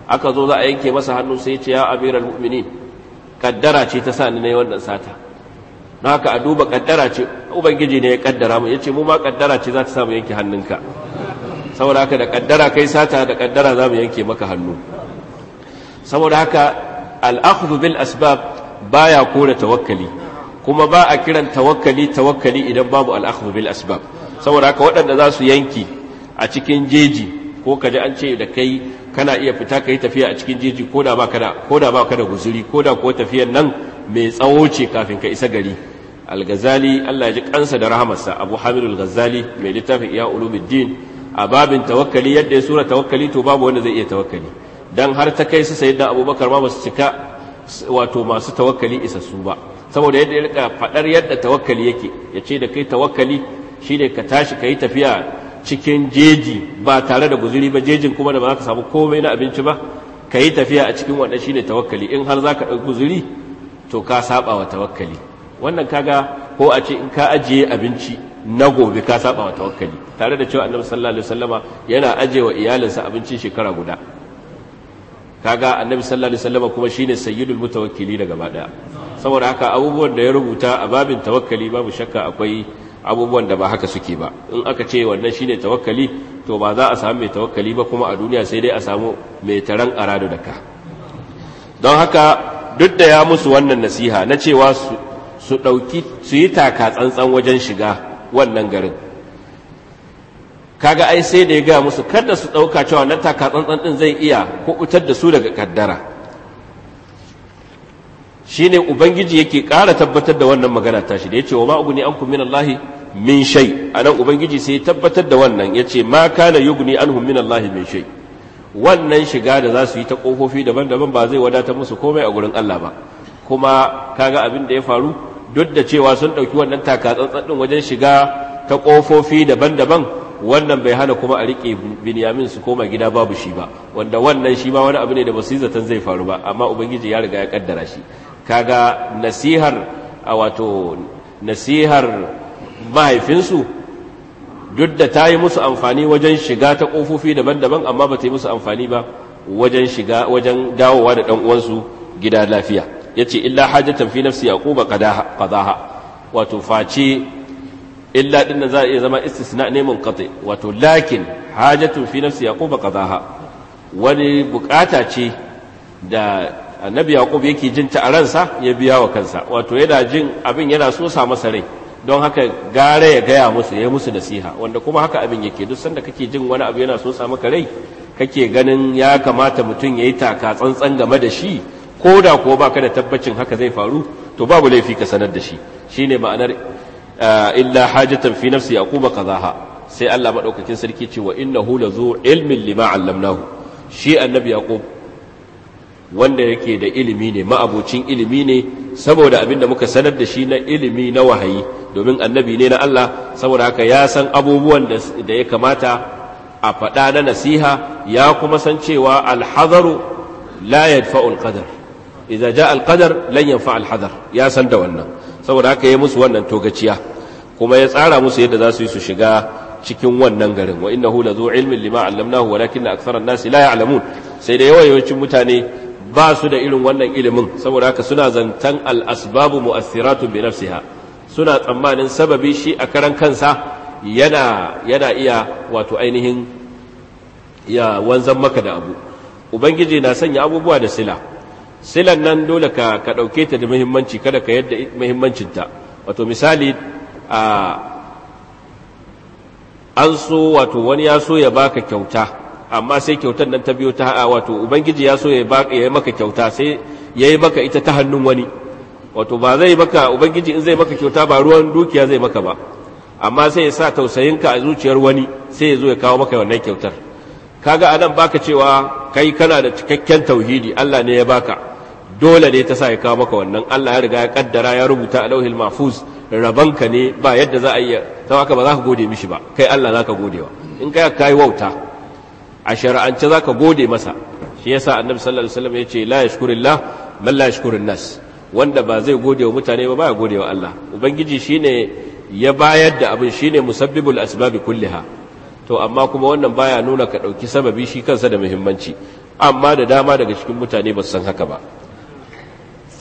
aka zo za a yanke masa hannu sai ya ce ya amiral mu'minin kaddara ce ta sa ni nayi wannan sata don haka a duba kaddara ce ubangiji ne ya kaddara mu yace mu ma kaddara ce za ta sa mu yanke hannunka saboda haka da kaddara kai sata da kaddara za mu yanke maka hannu saboda haka al'akhdhu bil asbab baya kore tawakkali kuma ba a kiran tawakkali tawakkali idan babu al'akhdhu bil asbab saboda haka waɗanda za su yanki a cikin jeji ko ka an ce da kai kana iya fita kai tafiya a cikin jeji ko ba ka da guzuri koda ko tafiyan nan mai tsawo ce kafin ka isa gari al-ghazali Allah ya ji kansa da rahamarsa abu hamidul ghazali mai littafin iya ulumuddin a babin tawakkali yadda ya sura tawakkali to babu wanda zai iya tawakkali dan har ta kai su da abubakar ma ba su cika wato masu tawakkali isassu ba saboda yadda ya rika fadar yadda tawakkali yake ya ce da kai tawakkali shine ka tashi ka yi tafiya cikin jeji ba tare da guzuri ba jejin kuma da ba za ka samu komai na abinci ba ka yi tafiya a cikin wannan shine tawakkali in har za ka ɗauki guzuri to ka saba wa tawakkali wannan kaga ko a ce in ka ajiye abinci na gobe ka saba wa tawakkali tare da cewa annabi sallallahu alaihi wasallama yana aje wa iyalinsa abincin shekara guda kaga annabi sallallahu alaihi wasallama kuma shine sayyidul mutawakkili gaba daya saboda haka abubuwan da ya rubuta a babin tawakkali babu shakka akwai abubuwan da ba haka suke ba in aka ce wannan shine tawakkali to ba za a samu mai tawakkali ba kuma a duniya sai dai a samu mai taran arado da ka don haka duk da ya musu wannan nasiha na cewa su ɗauki su yi taka tsantsan wajen shiga wannan garin kaga ai sai da ya gaya musu kada su ɗauka cewa na taka tsantsan ɗin zai iya kuɓutar da su daga kaddara shine ubangiji yake ƙara tabbatar da wannan magana tashi da yace wa ma ugni ankum min Allah min shay anan ubangiji sai ya tabbatar da wannan yace ma kana yugni anhum min minallahi min shay wannan shiga da za su yi ta kofofi daban-daban ba zai wadatar musu komai a gurin Allah ba kuma kaga abin da ya faru duk da cewa sun ɗauki wannan taka tsantsan ɗin wajen shiga ta kofofi daban-daban wannan bai hana kuma a riƙe binyamin su koma gida babu shi ba wanda wannan shi ma wani abu ne da ba su zaton zai faru ba amma ubangiji ya riga ya kaddara shi kaga nasihar a wato nasihar mahaifinsu duk da ta yi musu amfani wajen shiga ta ƙofofi daban-daban amma ba ta yi musu amfani ba wajen shiga wajen dawowa da ɗan uwansu gida lafiya ya ce illa hajatan fi nafsi yaquba qadaha wato face illa din za a iya zama istisna ne munqati wato lakin hajatun fi nafsi yaquba qadaha wani bukata ce da annabi yaqub yake jin ta a ya biya wa kansa wato yana jin abin yana so sa masa rai don haka gara ya gaya musu ya musu nasiha wanda kuma haka abin yake duk sanda kake jin wani abu yana so sa maka rai kake ganin ya kamata mutum yayi taka tsantsan game da shi ko da ko baka da tabbacin haka zai faru to babu laifi ka sanar da shi shine ma'anar Ah, illa hajatan fi nafsi yaquba kazaha sai Allah madaukakin sarki ce wa innahu lazu ilmin lima allamnahu shi annabi yaqub wanda yake da ilimi ne ma'abocin ilimi ne saboda abinda muka sanar da shi na ilimi na wahayi domin annabi ne na Allah saboda haka ya san abubuwan da ya kamata a faɗa na nasiha ya kuma san cewa alhazaru la yadfa'u alqadar idza jaa alqadar lan yanfa alhazar ya san da wannan saboda haka ya musu wannan togaciya kuma ya tsara musu yadda za su yi su shiga cikin wannan garin wa hu lazu ilmin lima allamnahu walakin aktharan nasi la ya'lamun sai da yawan yawancin mutane ba su da irin wannan ilimin saboda haka suna zantan al-asbabu mu'assiratu bi nafsiha suna tsammanin sababi shi a karan kansa yana yana iya wato ainihin ya wanzan maka da abu ubangiji na sanya abubuwa da sila silan nan dole ka ka dauke ta da muhimmanci kada ka yadda muhimmancinta wato misali a an so wato wani ya so ya baka kyauta amma sai kyautar nan ta biyo ta wato ubangiji ya so ya baka maka kyauta sai yayi maka ita ta hannun wani wato ba zai maka ubangiji in zai maka kyauta ba ruwan dukiya zai maka ba amma sai ya sa tausayinka a zuciyar wani sai ya zo ya kawo maka wannan kyautar kaga anan baka cewa kai kana da cikakken tauhidi Allah ne ya baka dole ne ta sa ya kawo maka wannan Allah ya riga ya kaddara ya rubuta a lauhil mahfuz rabanka ne ba yadda za a iya haka ba za ka gode mishi ba kai Allah za ka gode wa in kai kai wauta a shari'ance za ka gode masa shi yasa annabi sallallahu alaihi wasallam ya ce la yashkurillah man la yashkurun nas wanda ba zai gode wa mutane ba baya gode wa Allah ubangiji shine ya bayar da abin shine musabbibul asbabi kulliha to amma kuma wannan baya nuna ka ɗauki sababi shi kansa da muhimmanci amma da dama daga cikin mutane ba san haka ba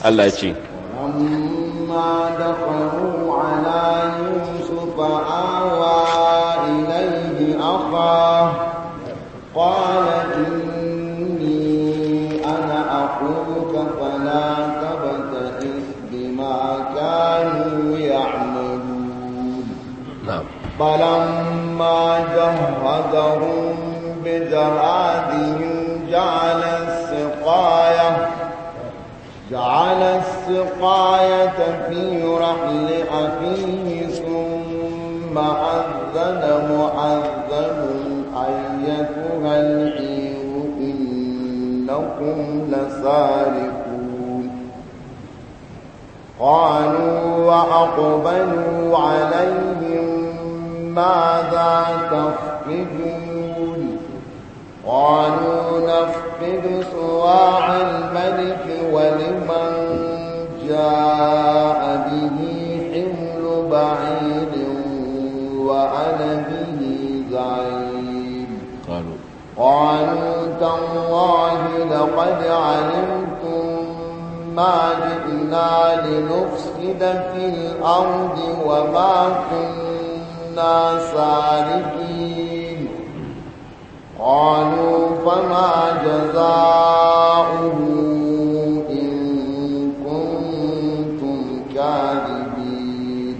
Allah ya ce amma da faru ala yusufa awa ilayhi afa qala inni ana aquluka fala tabta'is bima kanu ya'malun na'am فلما جهدهم بجرادهم جعل السقاية جعل السقاية في رحل أخيه ثم أذن مؤذن أيتها العير إنكم لسارقون قالوا وأقبلوا عليهم ماذا تفقدون قالوا نفقد صواع الملك ولمن جاء به حمل بعيد وأنا به زعيم قالوا قالوا تالله لقد علمتم ما جئنا لنفسد في الأرض وما كنا كنا سارقين قالوا فما جزاؤه إن كنتم كاذبين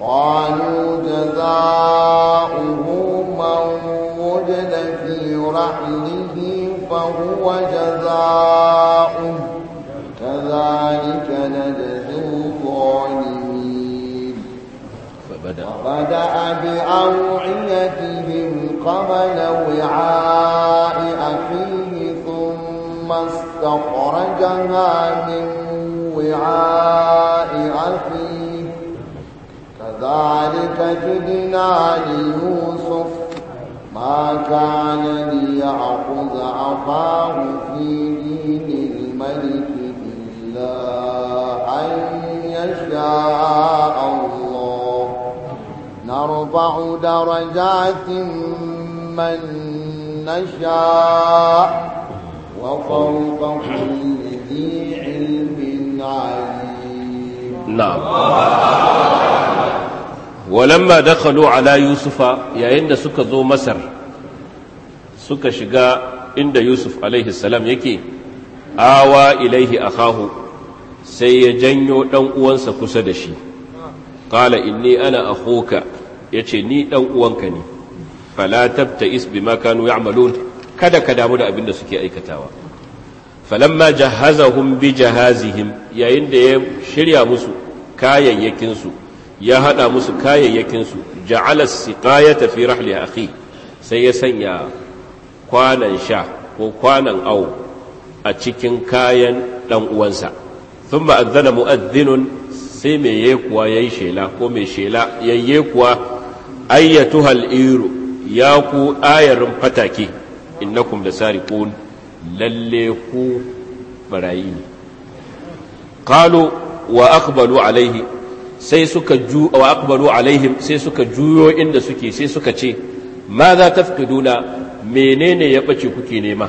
قالوا جزاؤه من وجد في رحله فهو جزاؤه كذلك نجزي بدأ وبدأ بأوعيتهم قبل وعاء أخيه ثم استخرجها من وعاء أخيه كذلك جدنا ليوسف ما كان ليأخذ أخاه في دين الملك إلا أن يشاء الله نرفع درجات من نشاء وفوق كل ذي علم عليم نعم ولما دخلوا على يوسف yayin da suka zo masar suka shiga inda yusuf alaihi yake awa ilaihi akahu sai ya janyo dan uwansa kusa da shi qala inni ana akhuka ya ce ni ɗan uwanka ne fala tabta isbi makanu ya amalu kada ka damu da abin da suke aikatawa falamma jahazahum bi jahazihim yayin da ya shirya musu kayayyakinsu ya hada musu kayayyakin su ja'ala siqayata fi rahli akhi sai ya sanya kwanan sha ko kwanan awo a cikin kayan dan uwansa thumma adzana mu'adhdhinun sai mai yekuwa yayi shela ko mai shela kuwa ayyatu iru ya ku ayarin fatake innakum da sariqun lalle ku barayi ne kalu wa aqbalu alaihi sai suka ju wa aqbalu alaihim sai suka juyo inda suke sai suka ce ma za tafqiduna menene ya bace kuke nema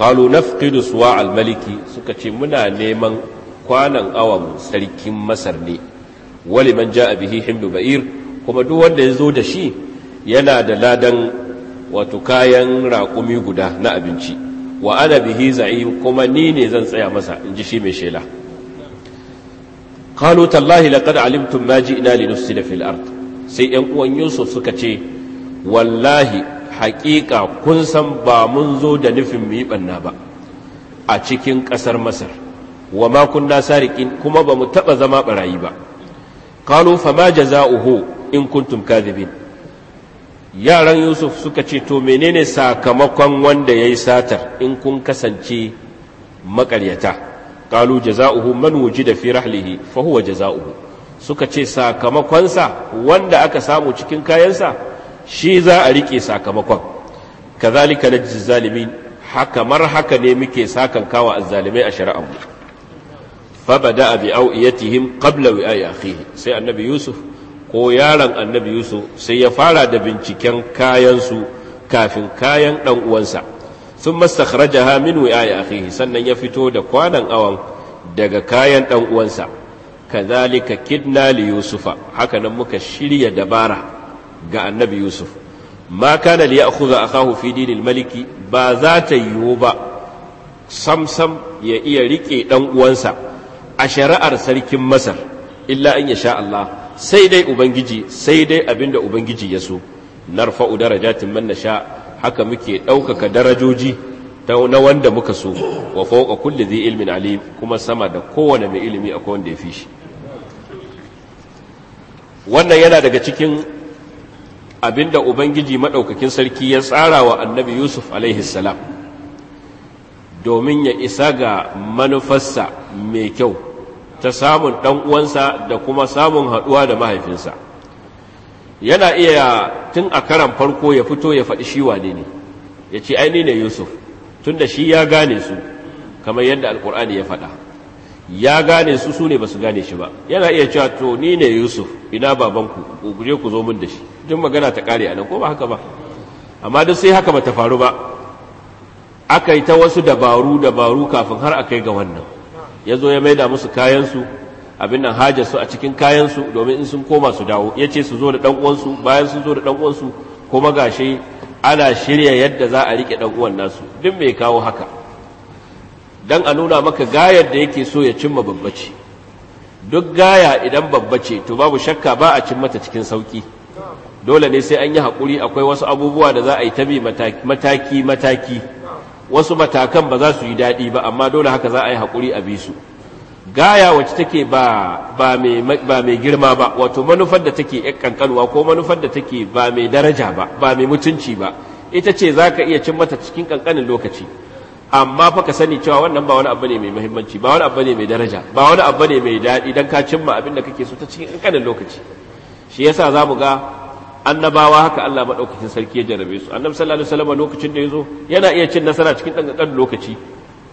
qalu nafqidu suwa almaliki suka ce muna neman kwanan awam sarkin masar ne ja a bihi hindu ba'ir kuma duk wanda ya zo da shi yana da ladan wato kayan raƙumi guda na abinci wa ana bihi za'im kuma ni ne zan tsaya masa in ji shi mai shela kalo tallahi laqad alimtum ma ji'na linufsida fil ard sai yan uwan yusuf suka ce wallahi haƙiƙa kun san ba mun zo da nufin mu yi banna ba a cikin ƙasar masar wa ma kunna sariqin kuma ba mu taɓa zama barayi ba kalo fama jaza'uhu in kuntum yaran yusuf suka ce to menene sakamakon wanda yayi satar in kun kasance makaryata kalu jazaohu man wujida fi rahlihi fa huwa jazaohu suka ce sakamakonsa wanda aka samu cikin kayansa shi za a rike sakamakon kazalika na zalimin haka mar haka ne muke sakan kawa azzalimai a shari'ar mu fa bada bi au'iyatihim qabla wi'ayi akhihi sai annabi yusuf ko yaron annabi yusuf sai ya fara da binciken kayansu kafin kayan ɗan uwansa sun ha min wi'ayi akhihi sannan ya fito da kwanan awan daga kayan ɗan uwansa kazalika kidna li yusufa hakanan muka shirya dabara ga annabi yusuf ma kana li ya'khudha akahu fi dinil maliki ba za ta yiwu ba samsam ya iya rike ɗan uwansa a shari'ar sarkin masar illa an sha Allah sai dai ubangiji sai dai abinda ubangiji ya so narfa'u darajatin man nasha haka muke ɗaukaka darajoji na wanda muka so wa fawqa kulli dhi ilmin alim kuma sama da kowane mai ilimi akwai wanda ya fi shi wannan yana daga cikin abinda ubangiji madaukakin sarki ya tsara wa annabi yusuf alaihi salam domin ya isa ga manufarsa mai kyau ta samun ɗan uwansa da kuma samun haɗuwa da mahaifinsa yana iya tun a karan farko ya fito ya faɗi shi wane ne ya ce aini ne yusuf tun da shi ya gane su kamar yadda alkur'ani ya faɗa ya gane su su ne ba su gane shi ba yana iya cewa to ni ne yusuf ina babanku ku guje ku zo min da shi tun magana ta ƙare a nan ko ba haka ba amma duk sai haka ba ta faru ba aka yi ta wasu dabaru dabaru kafin har a kai ga wannan ya zo ya maida musu kayansu abin nan hajar su a cikin kayansu domin in sun koma su dawo ya ce su zo da ɗan'uwansu bayan sun zo da ɗan'uwansu kuma shi ana shirya yadda za a riƙe ɗan'uwan nasu duk mai kawo haka don a nuna maka gayar da yake so ya cimma babbace duk gaya idan babbace to babu shakka ba a cin mata cikin sauƙi dole ne sai an yi haƙuri akwai wasu abubuwa da za a yi ta bi mataki-mataki wasu matakan ba za su yi daɗi ba amma dole haka za a yi haƙuri a bisu gaya wacce take ba mai girma ba wato manufar da take ƙanƙanwa ko manufar da take ba mai daraja ba ba mai mutunci ba ita ce za ka iya cin mata cikin ƙanƙanin lokaci amma fa ka sani cewa wannan ba wani abu ne mai muhimmanci ba wani abu ne mai daraja ba wani abu ne mai daɗi don ka cimma abin da kake so ta cikin ƙanƙanin lokaci shi yasa za mu ga annabawa haka Allah maɗaukacin sarki ya jarabe su annabi sallallahu alaihi wasallam lokacin da ya zo yana iya cin nasara cikin dan lokaci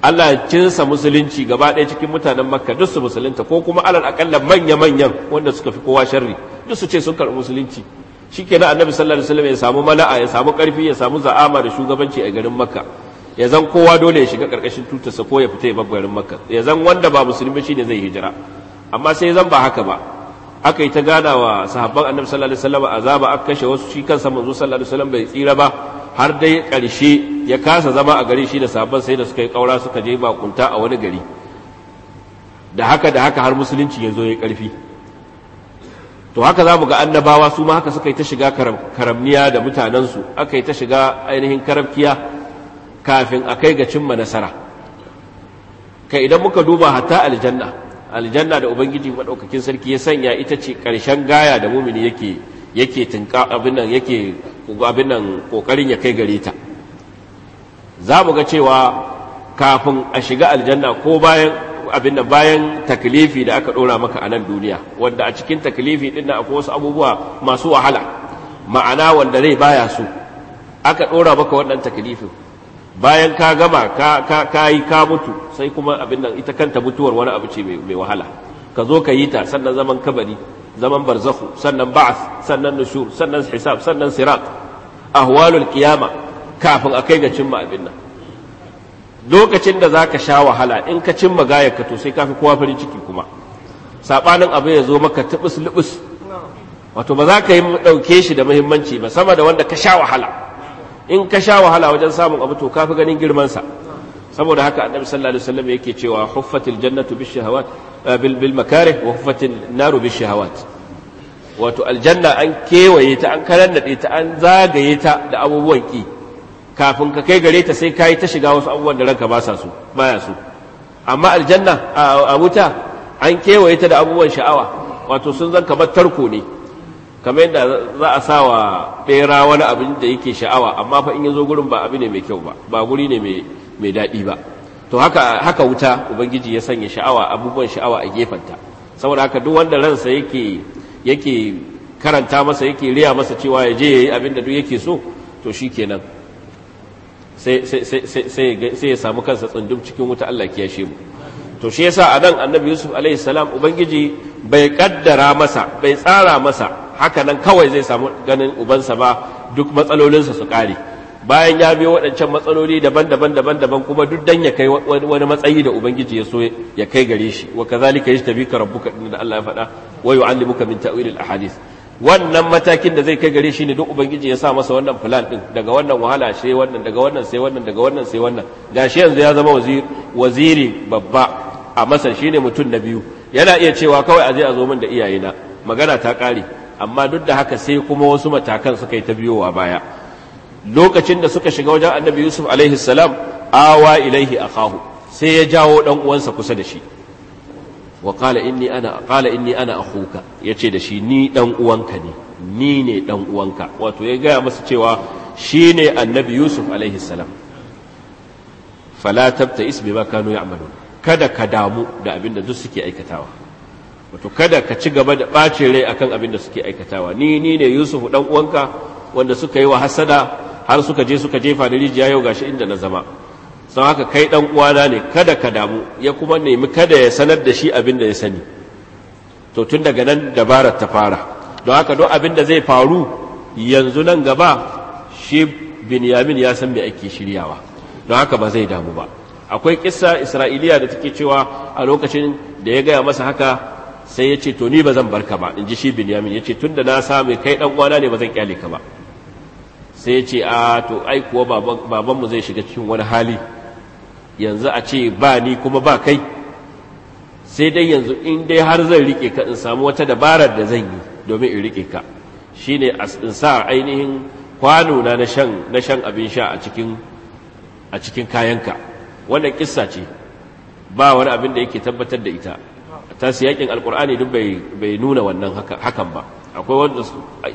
Allah ya cinsa musulunci gaba ɗaya cikin mutanen makka duk su musulunta ko kuma alal akalla manya-manyan wanda suka fi kowa sharri duk su ce sun karɓi musulunci shikenan annabi sallallahu alaihi wasallam ya samu mala'a ya samu ƙarfi ya samu za'ama da shugabanci a garin makka ya zan kowa dole ya shiga ƙarƙashin tutarsa ko ya fita ya bar garin makka ya zan wanda ba musulmi shine zai hijira amma sai zan ba haka ba aka yi ta gada wa sahabban annabi sallallahu alaihi wasallam azaba aka kashe wasu shi kansa manzo sallallahu alaihi wasallam bai tsira ba har dai karshe ya kasa zama a gari shi da sahabban sai da suka yi kaura suka je bakunta a wani gari da haka da haka har musulunci ya zo ya karfi to haka za mu ga annabawa su ma haka suka yi ta shiga karamniya da mutanensu aka yi ta shiga ainihin karamkiya kafin a kai ga cimma nasara kai idan muka duba hatta aljanna aljanna da ubangiji madaukakin sarki ya sanya ita ce karshen gaya da mumini yake yake tinka abin nan yake abin nan kokarin ya kai gare ta za mu ga cewa kafin a shiga aljanna ko bayan abin nan bayan taklifi da aka dora maka a nan duniya wanda a cikin taklifi din nan akwai wasu abubuwa masu wahala ma'ana wanda rai baya su aka dora maka wannan taklifin bayan ka gama ka yi ka mutu sai kuma abin nan ita kanta mutuwar wani abu ce mai wahala ka zo ka yi ta sannan zaman kabari zaman barzakhu sannan ba'ath sannan nushur sannan hisab sannan sirat ahwalul kiyama kafin a kai ga cimma abin nan lokacin da zaka sha wahala in ka cimma gayar ka to sai kafi kowa farin ciki kuma sabanin abu ya zo maka tubus lubus wato ba za ka yi dauke shi da muhimmanci ba sama da wanda ka sha wahala in ka sha wahala wajen samun abu to kafi ganin girmansa saboda haka annabi sallallahu alaihi wasallam yake cewa huffatil jannatu bishahawat eh, bil bil makarih wa huffatil naru bishahawat wato aljanna an kewaye ta an karannade ta an zagaye ta da abubuwan ki kafin ka kai gare ta sai kai ta shiga wasu abubuwan da ranka ba sa su baya so amma aljanna a wuta an kewaye ta da abubuwan sha'awa wato sun zan kamar tarko ne kamar yadda za a sa wa ɓera wani abin da yake sha'awa amma fa in ya zo gurin ba abu ne mai kyau ba ba guri ne mai daɗi ba to haka, haka wuta ubangiji ya sanya sha'awa abubuwan sha'awa a gefenta saboda haka duk wanda ransa yake karanta masa yake riya masa cewa ya je ya yi abin da duk yake so to shi kenan sai ya samu kansa tsundum cikin wuta Allah ya mu to shi yasa a nan annabi yusuf alaihi salam ubangiji bai kaddara masa bai tsara masa haka nan kawai zai samu ganin ubansa ba duk matsalolinsa su ƙare bayan ya biyo waɗancan matsaloli daban-daban daban-daban kuma duk dan ya kai wani matsayi da ubangiji ya so ya kai gare shi wa kazalika yajtabika rabbuka din da Allah ya faɗa wa yu'allimuka min ta'wil al-ahadith wannan matakin da zai kai gare shi ne duk ubangiji ya sa masa wannan plan din daga wannan wahala sai wannan daga wannan sai wannan daga wannan sai wannan gashi yanzu ya zama waziri babba a masar shine mutum na biyu yana iya cewa kawai a je a zo min da iyayena magana ta ƙare. amma duk da haka sai kuma wasu matakan suka yi ta biyo a baya lokacin da suka shiga wajen annabi yusuf alaihi salam awa ilaihi kahu sai ya jawo dan uwansa kusa da shi wa qala inni ana qala inni ana da shi ni dan uwanka ne ni ne dan uwanka wato ya gaya masa cewa shine annabi yusuf alaihi salam fala tabta ismi ma kanu ya'malun kada ka damu da abinda duk suke aikatawa wato kada ka ci gaba da ɓacin rai akan abin da suke aikatawa ni ni ne yusuf dan uwanka wanda suka yi wa hasada har suka je suka jefa da rijiya yau gashi inda na zama sau haka kai dan uwana ne kada ka damu ya kuma nemi kada ya sanar da shi abin da ya sani to tun daga nan dabarar ta fara don haka don abin da zai faru yanzu nan gaba shi binyamin ya san me ake shiryawa don haka ba zai damu ba akwai kissa isra'iliya da take cewa a lokacin da ya gaya masa haka sai ya ce to ni ba zan ka ba in ji shi binyamin ya ce tun da na samu kai dan uwana ne ba zan kyale ka ba sai ya ce a to ai kuwa babanmu zai shiga cikin wani hali yanzu a ce ba ni kuma ba kai sai dai yanzu in dai har zan rike ka in samu wata dabarar da zan yi domin in rike ka shine in sa ainihin kwano na na shan abin sha a cikin a cikin kayanka wannan kisa ce ba wani abin da yake tabbatar da ita tasiyakin alkur'ani duk bai nuna wannan hakan ba akwai wanda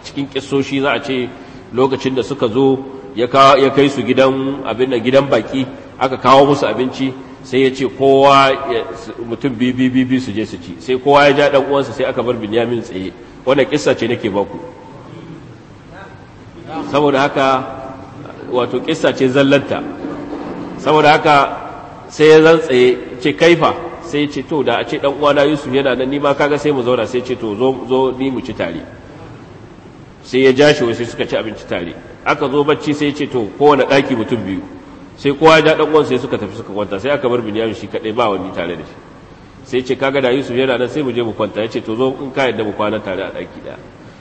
cikin kissoshi za a ce lokacin da suka zo ya kai su gidan abin gidan baki aka kawo musu abinci sai ya ce kowa mutum bibi su je su ci sai kowa ya ja dan uwansa sai aka bar binyamin tsaye wannan kissa ce nake baku saboda haka wato kissa ce zallanta saboda haka sai ya zan tsaye ce kaifa sai ce to da a ce dan uwana Yusuf yana nan ni ma kaga sai mu zauna sai ce to zo zo ni mu ci tare sai ya jashi shi sai suka ci abinci tare aka zo bacci sai ce to kowane daki mutum biyu sai kowa ya ja dan uwan sai suka tafi suka kwanta sai aka bar Binyamin shi kadai ba wani tare da shi sai ce kaga da Yusuf yana nan sai mu je mu kwanta yace to zo in ka yadda mu kwana tare a daki da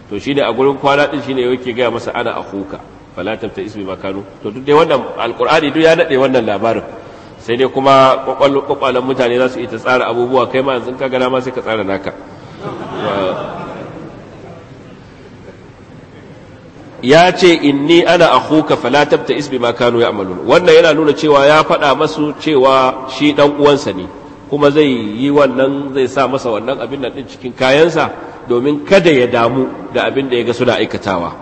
to shine a gurin kwana din shine yake ga masa ana akhuka fala tabta ismi makanu to duk dai wannan alqur'ani duk ya dade wannan labarin sai dai kuma kwakwalon mutane za su ita tsara abubuwa kai ma yanzu ka gana ma sai ka tsara naka ya ce inni ana akhuka fala tabta isbi ma kanu ya'malun wannan yana nuna cewa ya faɗa masu cewa shi dan uwansa ne kuma zai yi wannan zai sa masa wannan abin nan ɗin cikin kayansa domin kada ya damu da abin da ya ga suna aikatawa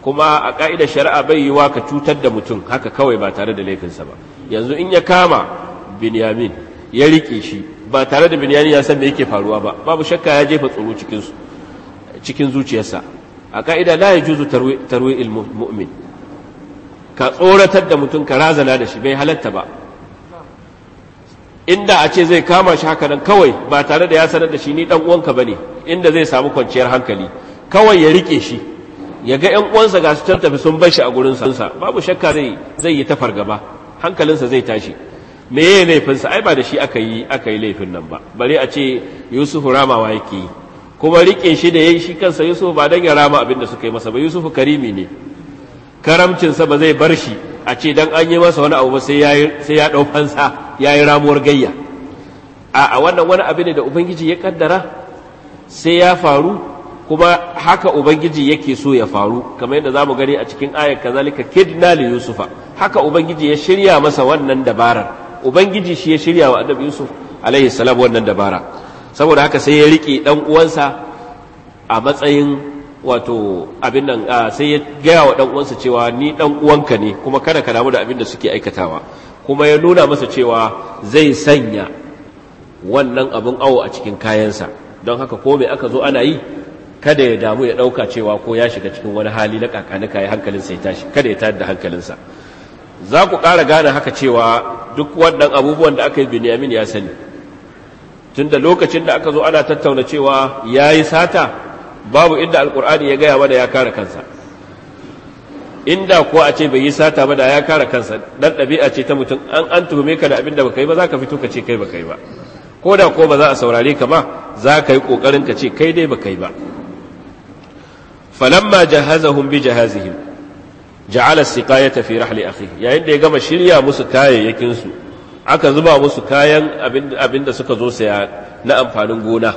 kuma a ka'idar shari'a bai yiwa ka cutar da mutum haka kawai ba tare da laifinsa ba yanzu in ya kama binyamin ya rike shi ba tare da binyamin ya san me yake faruwa ba babu shakka ya jefa tsoro cikin zuciyarsa a ka'ida la yajuzu tarwi mu'min ka tsoratar da mutum ka razana da shi bai halatta ba inda a ce zai kama shi haka nan kawai ba tare da ya sanar da shi ni dan uwanka bane inda zai samu kwanciyar hankali kawai ya rike shi ya ga yan uwansa ga su tafi sun bar shi a gurin sa babu shakka zai zai yi ta fargaba hankalinsa zai tashi me ya laifinsa ai ba da shi aka yi aka yi laifin nan ba bare a ce yusufu ramawa yake yi kuma riƙe shi da yayi shi kansa yusuf ba dan ya rama abin da suka yi masa ba yusufu karimi ne karamcinsa ba zai bar shi a ce dan an yi masa wani abu ba sai ya ɗau fansa ya yi ramuwar gayya a wannan wani abin ne da ubangiji ya kaddara sai ya faru kuma haka ubangiji yake so ya faru kamar yadda zamu gani a cikin ayat kazalika kidna li yusufa haka ubangiji ya shirya masa wannan dabarar ubangiji shi ya shirya wa annabi yusuf alaihi salam wannan dabara saboda haka sai ya rike dan uwansa a matsayin wato abin nan sai ya gaya wa dan uwansa cewa ni dan uwanka ne kuma kada ka damu da abin da suke aikatawa kuma ya nuna masa cewa zai sanya wannan abin awo a cikin kayansa don haka ko me aka zo ana yi kada ya damu ya ɗauka cewa ko ya shiga cikin wani hali na kakanika ya hankalinsa ya tashi kada ya tayar da hankalinsa za ku ƙara gane haka cewa duk wannan abubuwan da aka yi binyamin ya sani tun da lokacin da aka zo ana tattauna cewa ya yi sata babu inda alkur'ani ya gaya mana ya kare kansa inda kuwa a ce bai yi sata ba da ya kare kansa dan ɗabi'a ce ta mutum an an tuhume ka da abin da baka yi ba za ka fito ka ce kai baka yi ba ko da ko ba za a saurare ka ba za ka yi ƙoƙarin ka ce kai dai baka yi ba falamma jahazahum bi jahazihim ja'ala siqayata fi rahli akhihi yayin da ya gama shirya musu kayayyakin su aka zuba musu kayan abin da suka zo saya na amfanin gona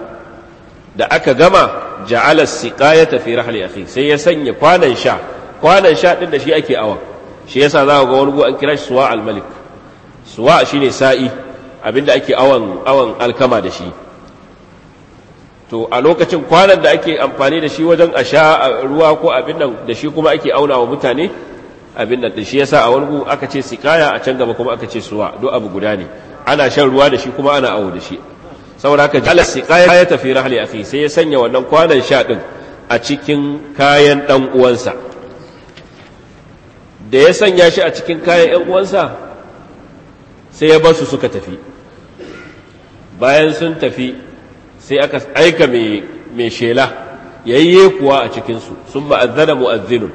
da aka gama ja'ala siqayata fi rahli akhi sai ya sanya kwanan sha kwanan sha ɗin da shi ake awa shi yasa za ga wani an kira shi suwa al-malik suwa shine sa'i abin da ake awan awan alkama da shi to a lokacin kwanan da ake amfani da shi wajen a sha ruwa ko abin nan da shi kuma ake auna wa mutane abin nan da shi yasa a wani aka ce sikaya a can gaba kuma aka ce suwa duk abu guda ne ana shan ruwa da shi kuma ana awo da shi saboda haka jala sikaya ya tafi rahli akhi sai ya sanya wannan kwanan sha din a cikin kayan dan uwansa da ya sanya shi a cikin kayan yan uwansa sai ya bar su suka tafi bayan sun tafi sai aka aika mai shela yayye kuwa a cikinsu sun ma'azzana mu'azzinun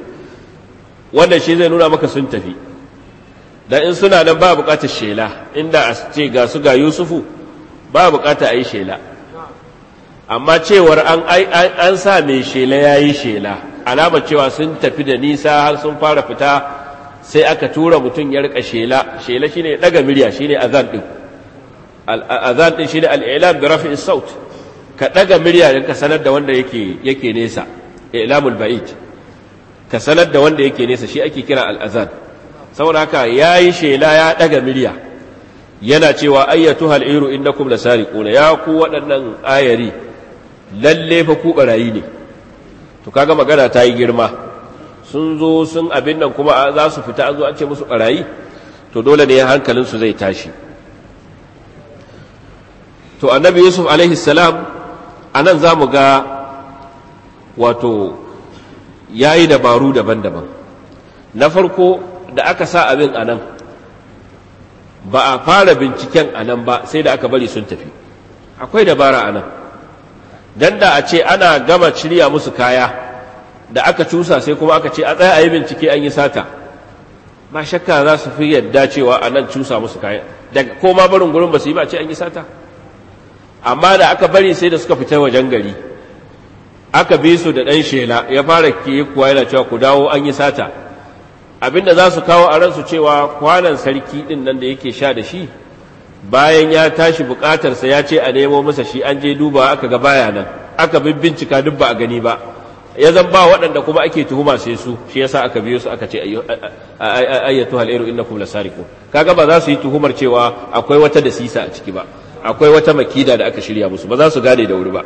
wanda shi zai nuna maka sun tafi don in suna nan ba buƙatar shela inda a ce ga su ga yusufu ba buƙata a yi shela amma cewar an sa mai shela ya yi shela alama cewa sun tafi da nisa har sun fara fita sai aka tura mutum ya rika shela shela shine daga murya shine azan din azan din shine al-i'lam bi rafi'is saut ka ɗaga murya ka sanar da wanda yake nesa ilamul ba'id ka sanar da wanda yake nesa shi ake kira al'azan saboda haka ya yi shela ya ɗaga murya yana cewa ayyatu hal'iru innakum lasariquna ya ku waɗannan ayari lalle fa ku barayi ne to kaga magana ta yi girma sun zo sun abin nan kuma za su fita an zo an ce musu barayi to dole ne hankalinsu zai tashi to annabi yusuf alaihi salam Anan za mu ga wato ya yi dabaru daban-daban na farko da aka sa abin a nan ba a fara binciken anan ba sai da aka bari sun tafi akwai dabara anan. nan don da a ce ana gama shirya musu kaya da aka cusa sai kuma aka ce a tsaya a yi bincike an yi sata ba shakka za su fi yadda cewa a nan cusa musu kaya daga koma barin gurin ba su yi ba ce an yi sata amma da aka bari sai da suka fita wajen gari aka bi su da ɗan shela ya fara ki kuwa yana cewa ku dawo an yi sata abinda za su kawo a ransu cewa kwanan sarki ɗin nan da yake sha da shi bayan ya tashi buƙatarsa ya ce a nemo masa shi an je duba aka ga baya nan aka bincika duk ba a gani ba ya zan ba waɗanda kuma ake tuhuma sai su shi yasa aka biyo su aka ce ayyatu hal innakum lasariqu kaga ba za su yi tuhumar cewa akwai wata dasisa a ciki ba akwai wata makida da aka shirya musu ba za su gane da wuri ba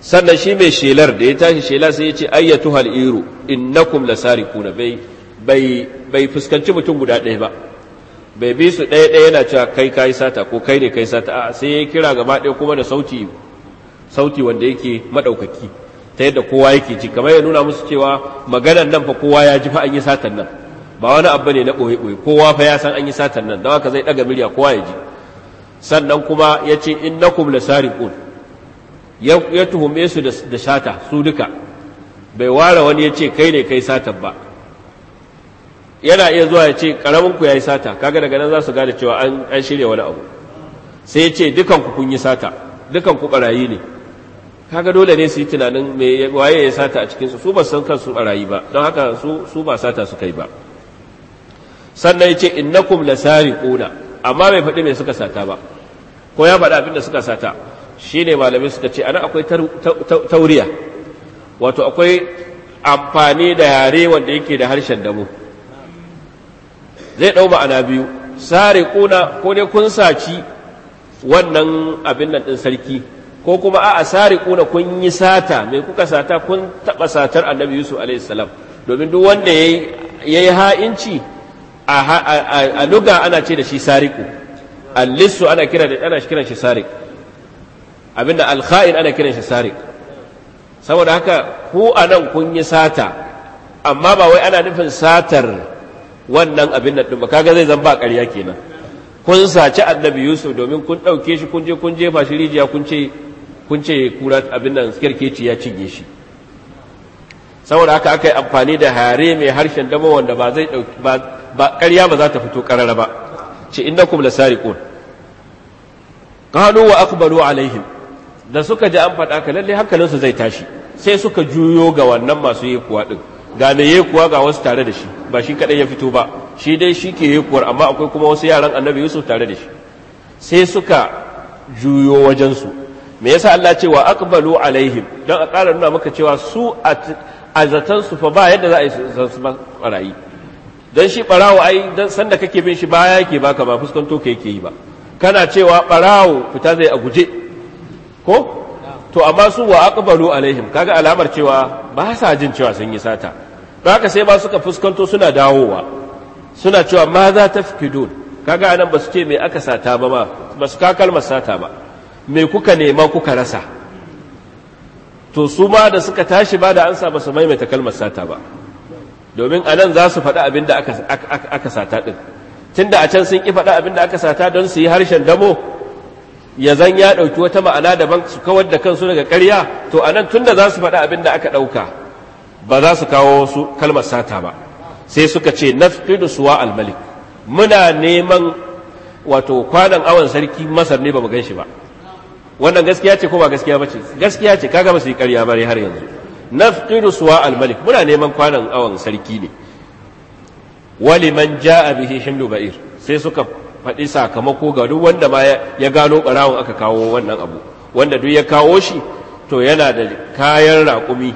sannan shi mai shelar da ya tashi shela sai ya ce ayyatu hal iru innakum lasarikuna bai bai bai fuskanci mutum guda ɗaya ba bai bi su ɗaya ɗaya yana cewa kai kayi sata ko kai ne kai sata a sai ya kira gaba ɗaya kuma da sauti sauti wanda yake maɗaukaki ta yadda kowa yake ji kamar ya nuna musu cewa maganan nan fa kowa ya ji fa an yi satan nan ba wani abu ne na ɓoye-ɓoye kowa fa ya san an yi satan nan don haka zai ɗaga miliya kowa ya ji sannan kuma ya ce innakum lasariqun ya tuhume su da sata su duka bai ware wani ya ce kai ne kai sata ba yana iya zuwa ya ce karaminku ya yi sata kaga daga nan za su gane cewa an shirya wani abu sai ya ce dukanku kun yi sata dukanku barayi ne kaga dole ne su yi tunanin me waye ya sata a cikinsu su ba san kansu barayi ba don haka su ba sata su kai ba sannan ya ce innakum lasariquna amma bai faɗi me suka sata ba ko ya faɗa abin da suka sata shi ne malamai suka ce ana akwai tauriya wato akwai amfani da yare wanda yake da harshen damu zai ɗau ma'ana biyu sare kuna ko ne kun saci wannan abin nan ɗin sarki ko kuma a'a sare kuna kun yi sata mai kuka sata kun taɓa satar annabi yusuf alaihissalam domin duk wanda ya yi ha'inci a nuga ana ce da shi sariku allisu ana kira da ana kiran shi sarik abinda alkha'in ana kiran shi sarik saboda haka ku anan kun yi sata amma ba wai ana nufin satar wannan abin nan ba kaga zai zamba ƙarya kenan kun saci annabi yusuf domin kun ɗauke shi kun je kun jefa shi rijiya kun ce kun ce kura abin nan kirkeci ya cinye shi saboda haka aka yi amfani da hare mai harshen dama wanda ba zai ba ƙarya ba za ta fito ƙarara ba ce innakum lasariqun qalu wa aqbalu alaihim da suka ji an faɗa ka lalle hankalinsu zai tashi sai suka juyo ga wannan masu yekuwa din ga me yekuwa ga wasu tare da shi ba shi kaɗai ya fito ba shi dai shi ke yekuwar amma akwai kuma wasu yaran annabi yusuf tare da shi sai suka juyo wajensu me yasa Allah ce wa aqbalu alaihim don a ƙara nuna maka cewa su a su fa ba yadda za a yi su barayi don shi barawo ai dan sanda kake bin shi baya yake baka ba fuskanto ka yake yi ba kana cewa barawo fita zai a guje ko to amma su wa aqbalu alaihim kaga alamar cewa ba sa jin cewa sun yi sata haka sai ba suka fuskanto suna dawowa suna cewa ma za ta fikidun kaga anan ba su ce me aka sata ba ma ba su kakalmar sata ba me kuka nema kuka rasa to su ma da suka tashi ba da ansa ba su maimaita kalmar sata ba domin a nan za su faɗi abin da aka sata ɗin tun da a can sun ƙi faɗi abin da aka sata don su yi harshen damo ya zan ya ɗauki wata ma'ana daban su kawar da kansu daga ƙarya to a nan tun da za su faɗi abin da aka ɗauka ba za su kawo su kalmar sata ba sai suka ce nafqidu suwa almalik muna neman wato kwanan awon sarki masar ne ba mu gan shi ba wannan gaskiya ce ko ba gaskiya ba ce gaskiya ce kaga ba su yi ƙarya ba har yanzu nafqidu suwa al-malik muna neman kwanan awon sarki ne wali man ja'a bihi himlu ba'ir sai suka faɗi sakamako ga duk wanda ma ya gano barawon aka kawo wannan abu wanda duk ya kawo shi to yana da kayan raƙumi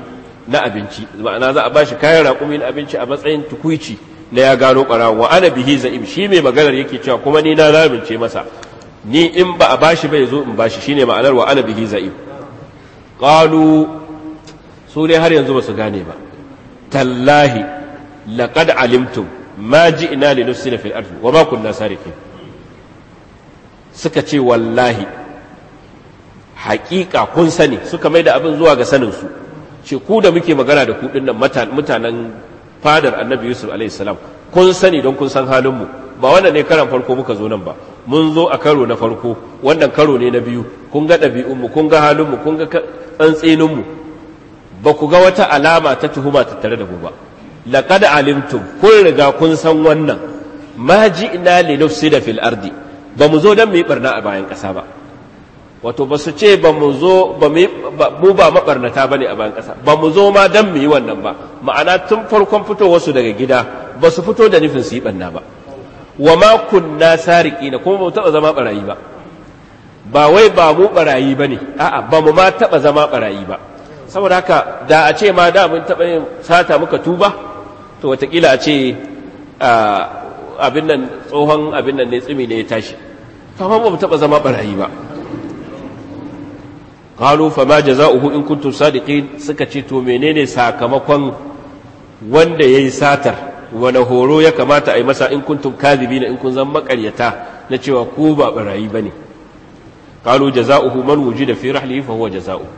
na abinci ma'ana za a bashi kayan raƙumi na abinci a matsayin tukuici na ya gano barawon wa ana bihi za'im shi mai maganar yake cewa kuma ni na zamince masa ni in ba a bashi bai zo in bashi shine ma'anar wa ana bihi za'im qalu su ne har yanzu ba su gane ba tallahi laqad alimtum ma ina li nufsina fil ardi wa ma kunna sariqin suka ce wallahi haƙiƙa kun sani suka mai da abin zuwa ga sanin su ce ku da muke magana da kuɗin nan mutanen fadar annabi yusuf alaihi salam kun sani don kun san halin mu ba wannan ne karan farko muka zo nan ba mun zo a karo na farko wannan karo ne na biyu kun ga ɗabi'unmu kun ga halinmu kun ga tsantseninmu ba ku ga wata alama ta tuhuma tattare da ku ba laqad alimtum kun riga kun san wannan ma ji'na li nufsida fil ardi ba mu zo dan mu yi barna a bayan ƙasa ba wato ba su ce ba mu zo ba mu ba mabarnata bane a bayan ƙasa ba mu zo ma dan mu yi wannan ba ma'ana tun farkon fitowar su daga gida ba su fito da nufin su yi barna ba wa ma kunna sariqina kuma ba mu taɓa zama barayi ba ba wai ba mu barayi ba ne a'a ba mu ma taɓa zama barayi ba saboda haka da a ce ma da mun taɓa yin sata muka tuba to watakila a ce abin nan tsohon abin nan ne tsimi ne ya tashi amma ba mu taɓa zama barayi ba qalu fa ma uhu in kuntum sadiqin suka ce to menene sakamakon wanda yayi satar wani horo ya kamata a yi masa in kuntum kadhibina in kun zan makaryata na cewa ko ba barayi bane jaza jaza'uhu man wujida fi rahlihi fa huwa jaza'uhu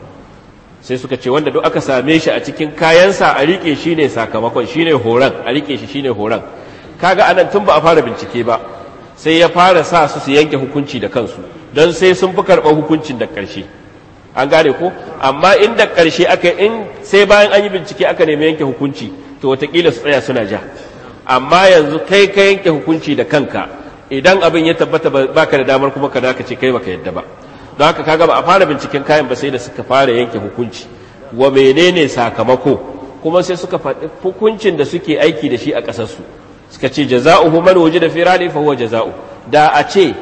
sai suka ce wanda duk aka same shi a cikin kayansa a riƙe shi ne sakamakon shi ne horon a riƙe shi shi ne horon kaga anan tun ba a fara bincike ba sai ya fara sa su su yanke hukunci da kansu don sai sun fi karɓar hukuncin da ƙarshe an gane ko amma in da ƙarshe aka in sai bayan an yi bincike aka nemi yanke hukunci to watakila su tsaya suna ja amma yanzu kai ka yanke hukunci da kanka idan abin ya tabbata ba ka da damar kuma ka ce kai baka yadda ba don haka kaga ba a fara binciken kayan ba sai da suka fara yanke hukunci wa menene sakamako kuma sai suka faɗi hukuncin da suke aiki da shi a ƙasarsu suka ce jaza'uhu man wujida fi rani fa huwa jaza'u da a ce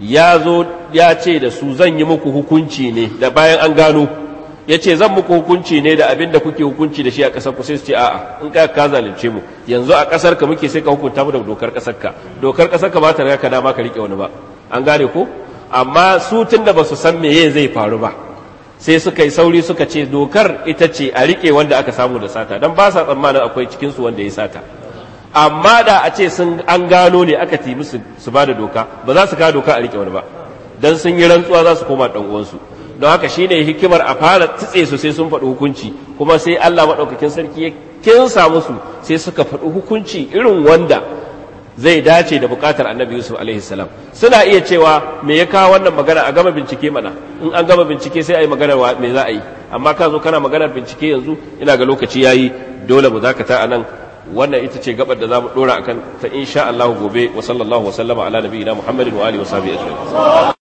ya zo ya ce da su zan yi muku hukunci ne da bayan an gano ya ce zan muku hukunci ne da abin da kuke hukunci da shi a ƙasar ku sai su ce a'a in ka ka zalunce mu yanzu a ƙasar ka muke sai ka hukunta mu da dokar ƙasar ka dokar ƙasar ka ba ta riga ka dama ka riƙe wani ba an gane ko amma su da ba su san meye zai faru ba sai suka yi sauri suka ce dokar ita ce a rike wanda aka samu da sata don ba sa tsammanin akwai cikinsu wanda ya sata amma da a ce sun an gano ne aka tibi su ba da doka ba za su ka doka a riƙe wani ba don sun yi rantsuwa za su koma ɗan uwansu don haka shine hikimar a fara tsitse su sai sun faɗi hukunci kuma sai Allah maɗaukakin sarki ya kinsa musu sai suka faɗi hukunci irin wanda zai dace da bukatar annabi yusuf alaihi salam suna iya cewa me ya kawo wannan magana a gama bincike mana in an gama bincike sai a yi maganar me za a yi amma ka zo kana maganar bincike yanzu ina ga lokaci yayi dole mu a nan wannan ita ce gabar da za mu dora akan ta insha allahu gobe wa sallallahu wa sallama ala nabiyina Muhammadin wa alihi wa sahbihi ajma'in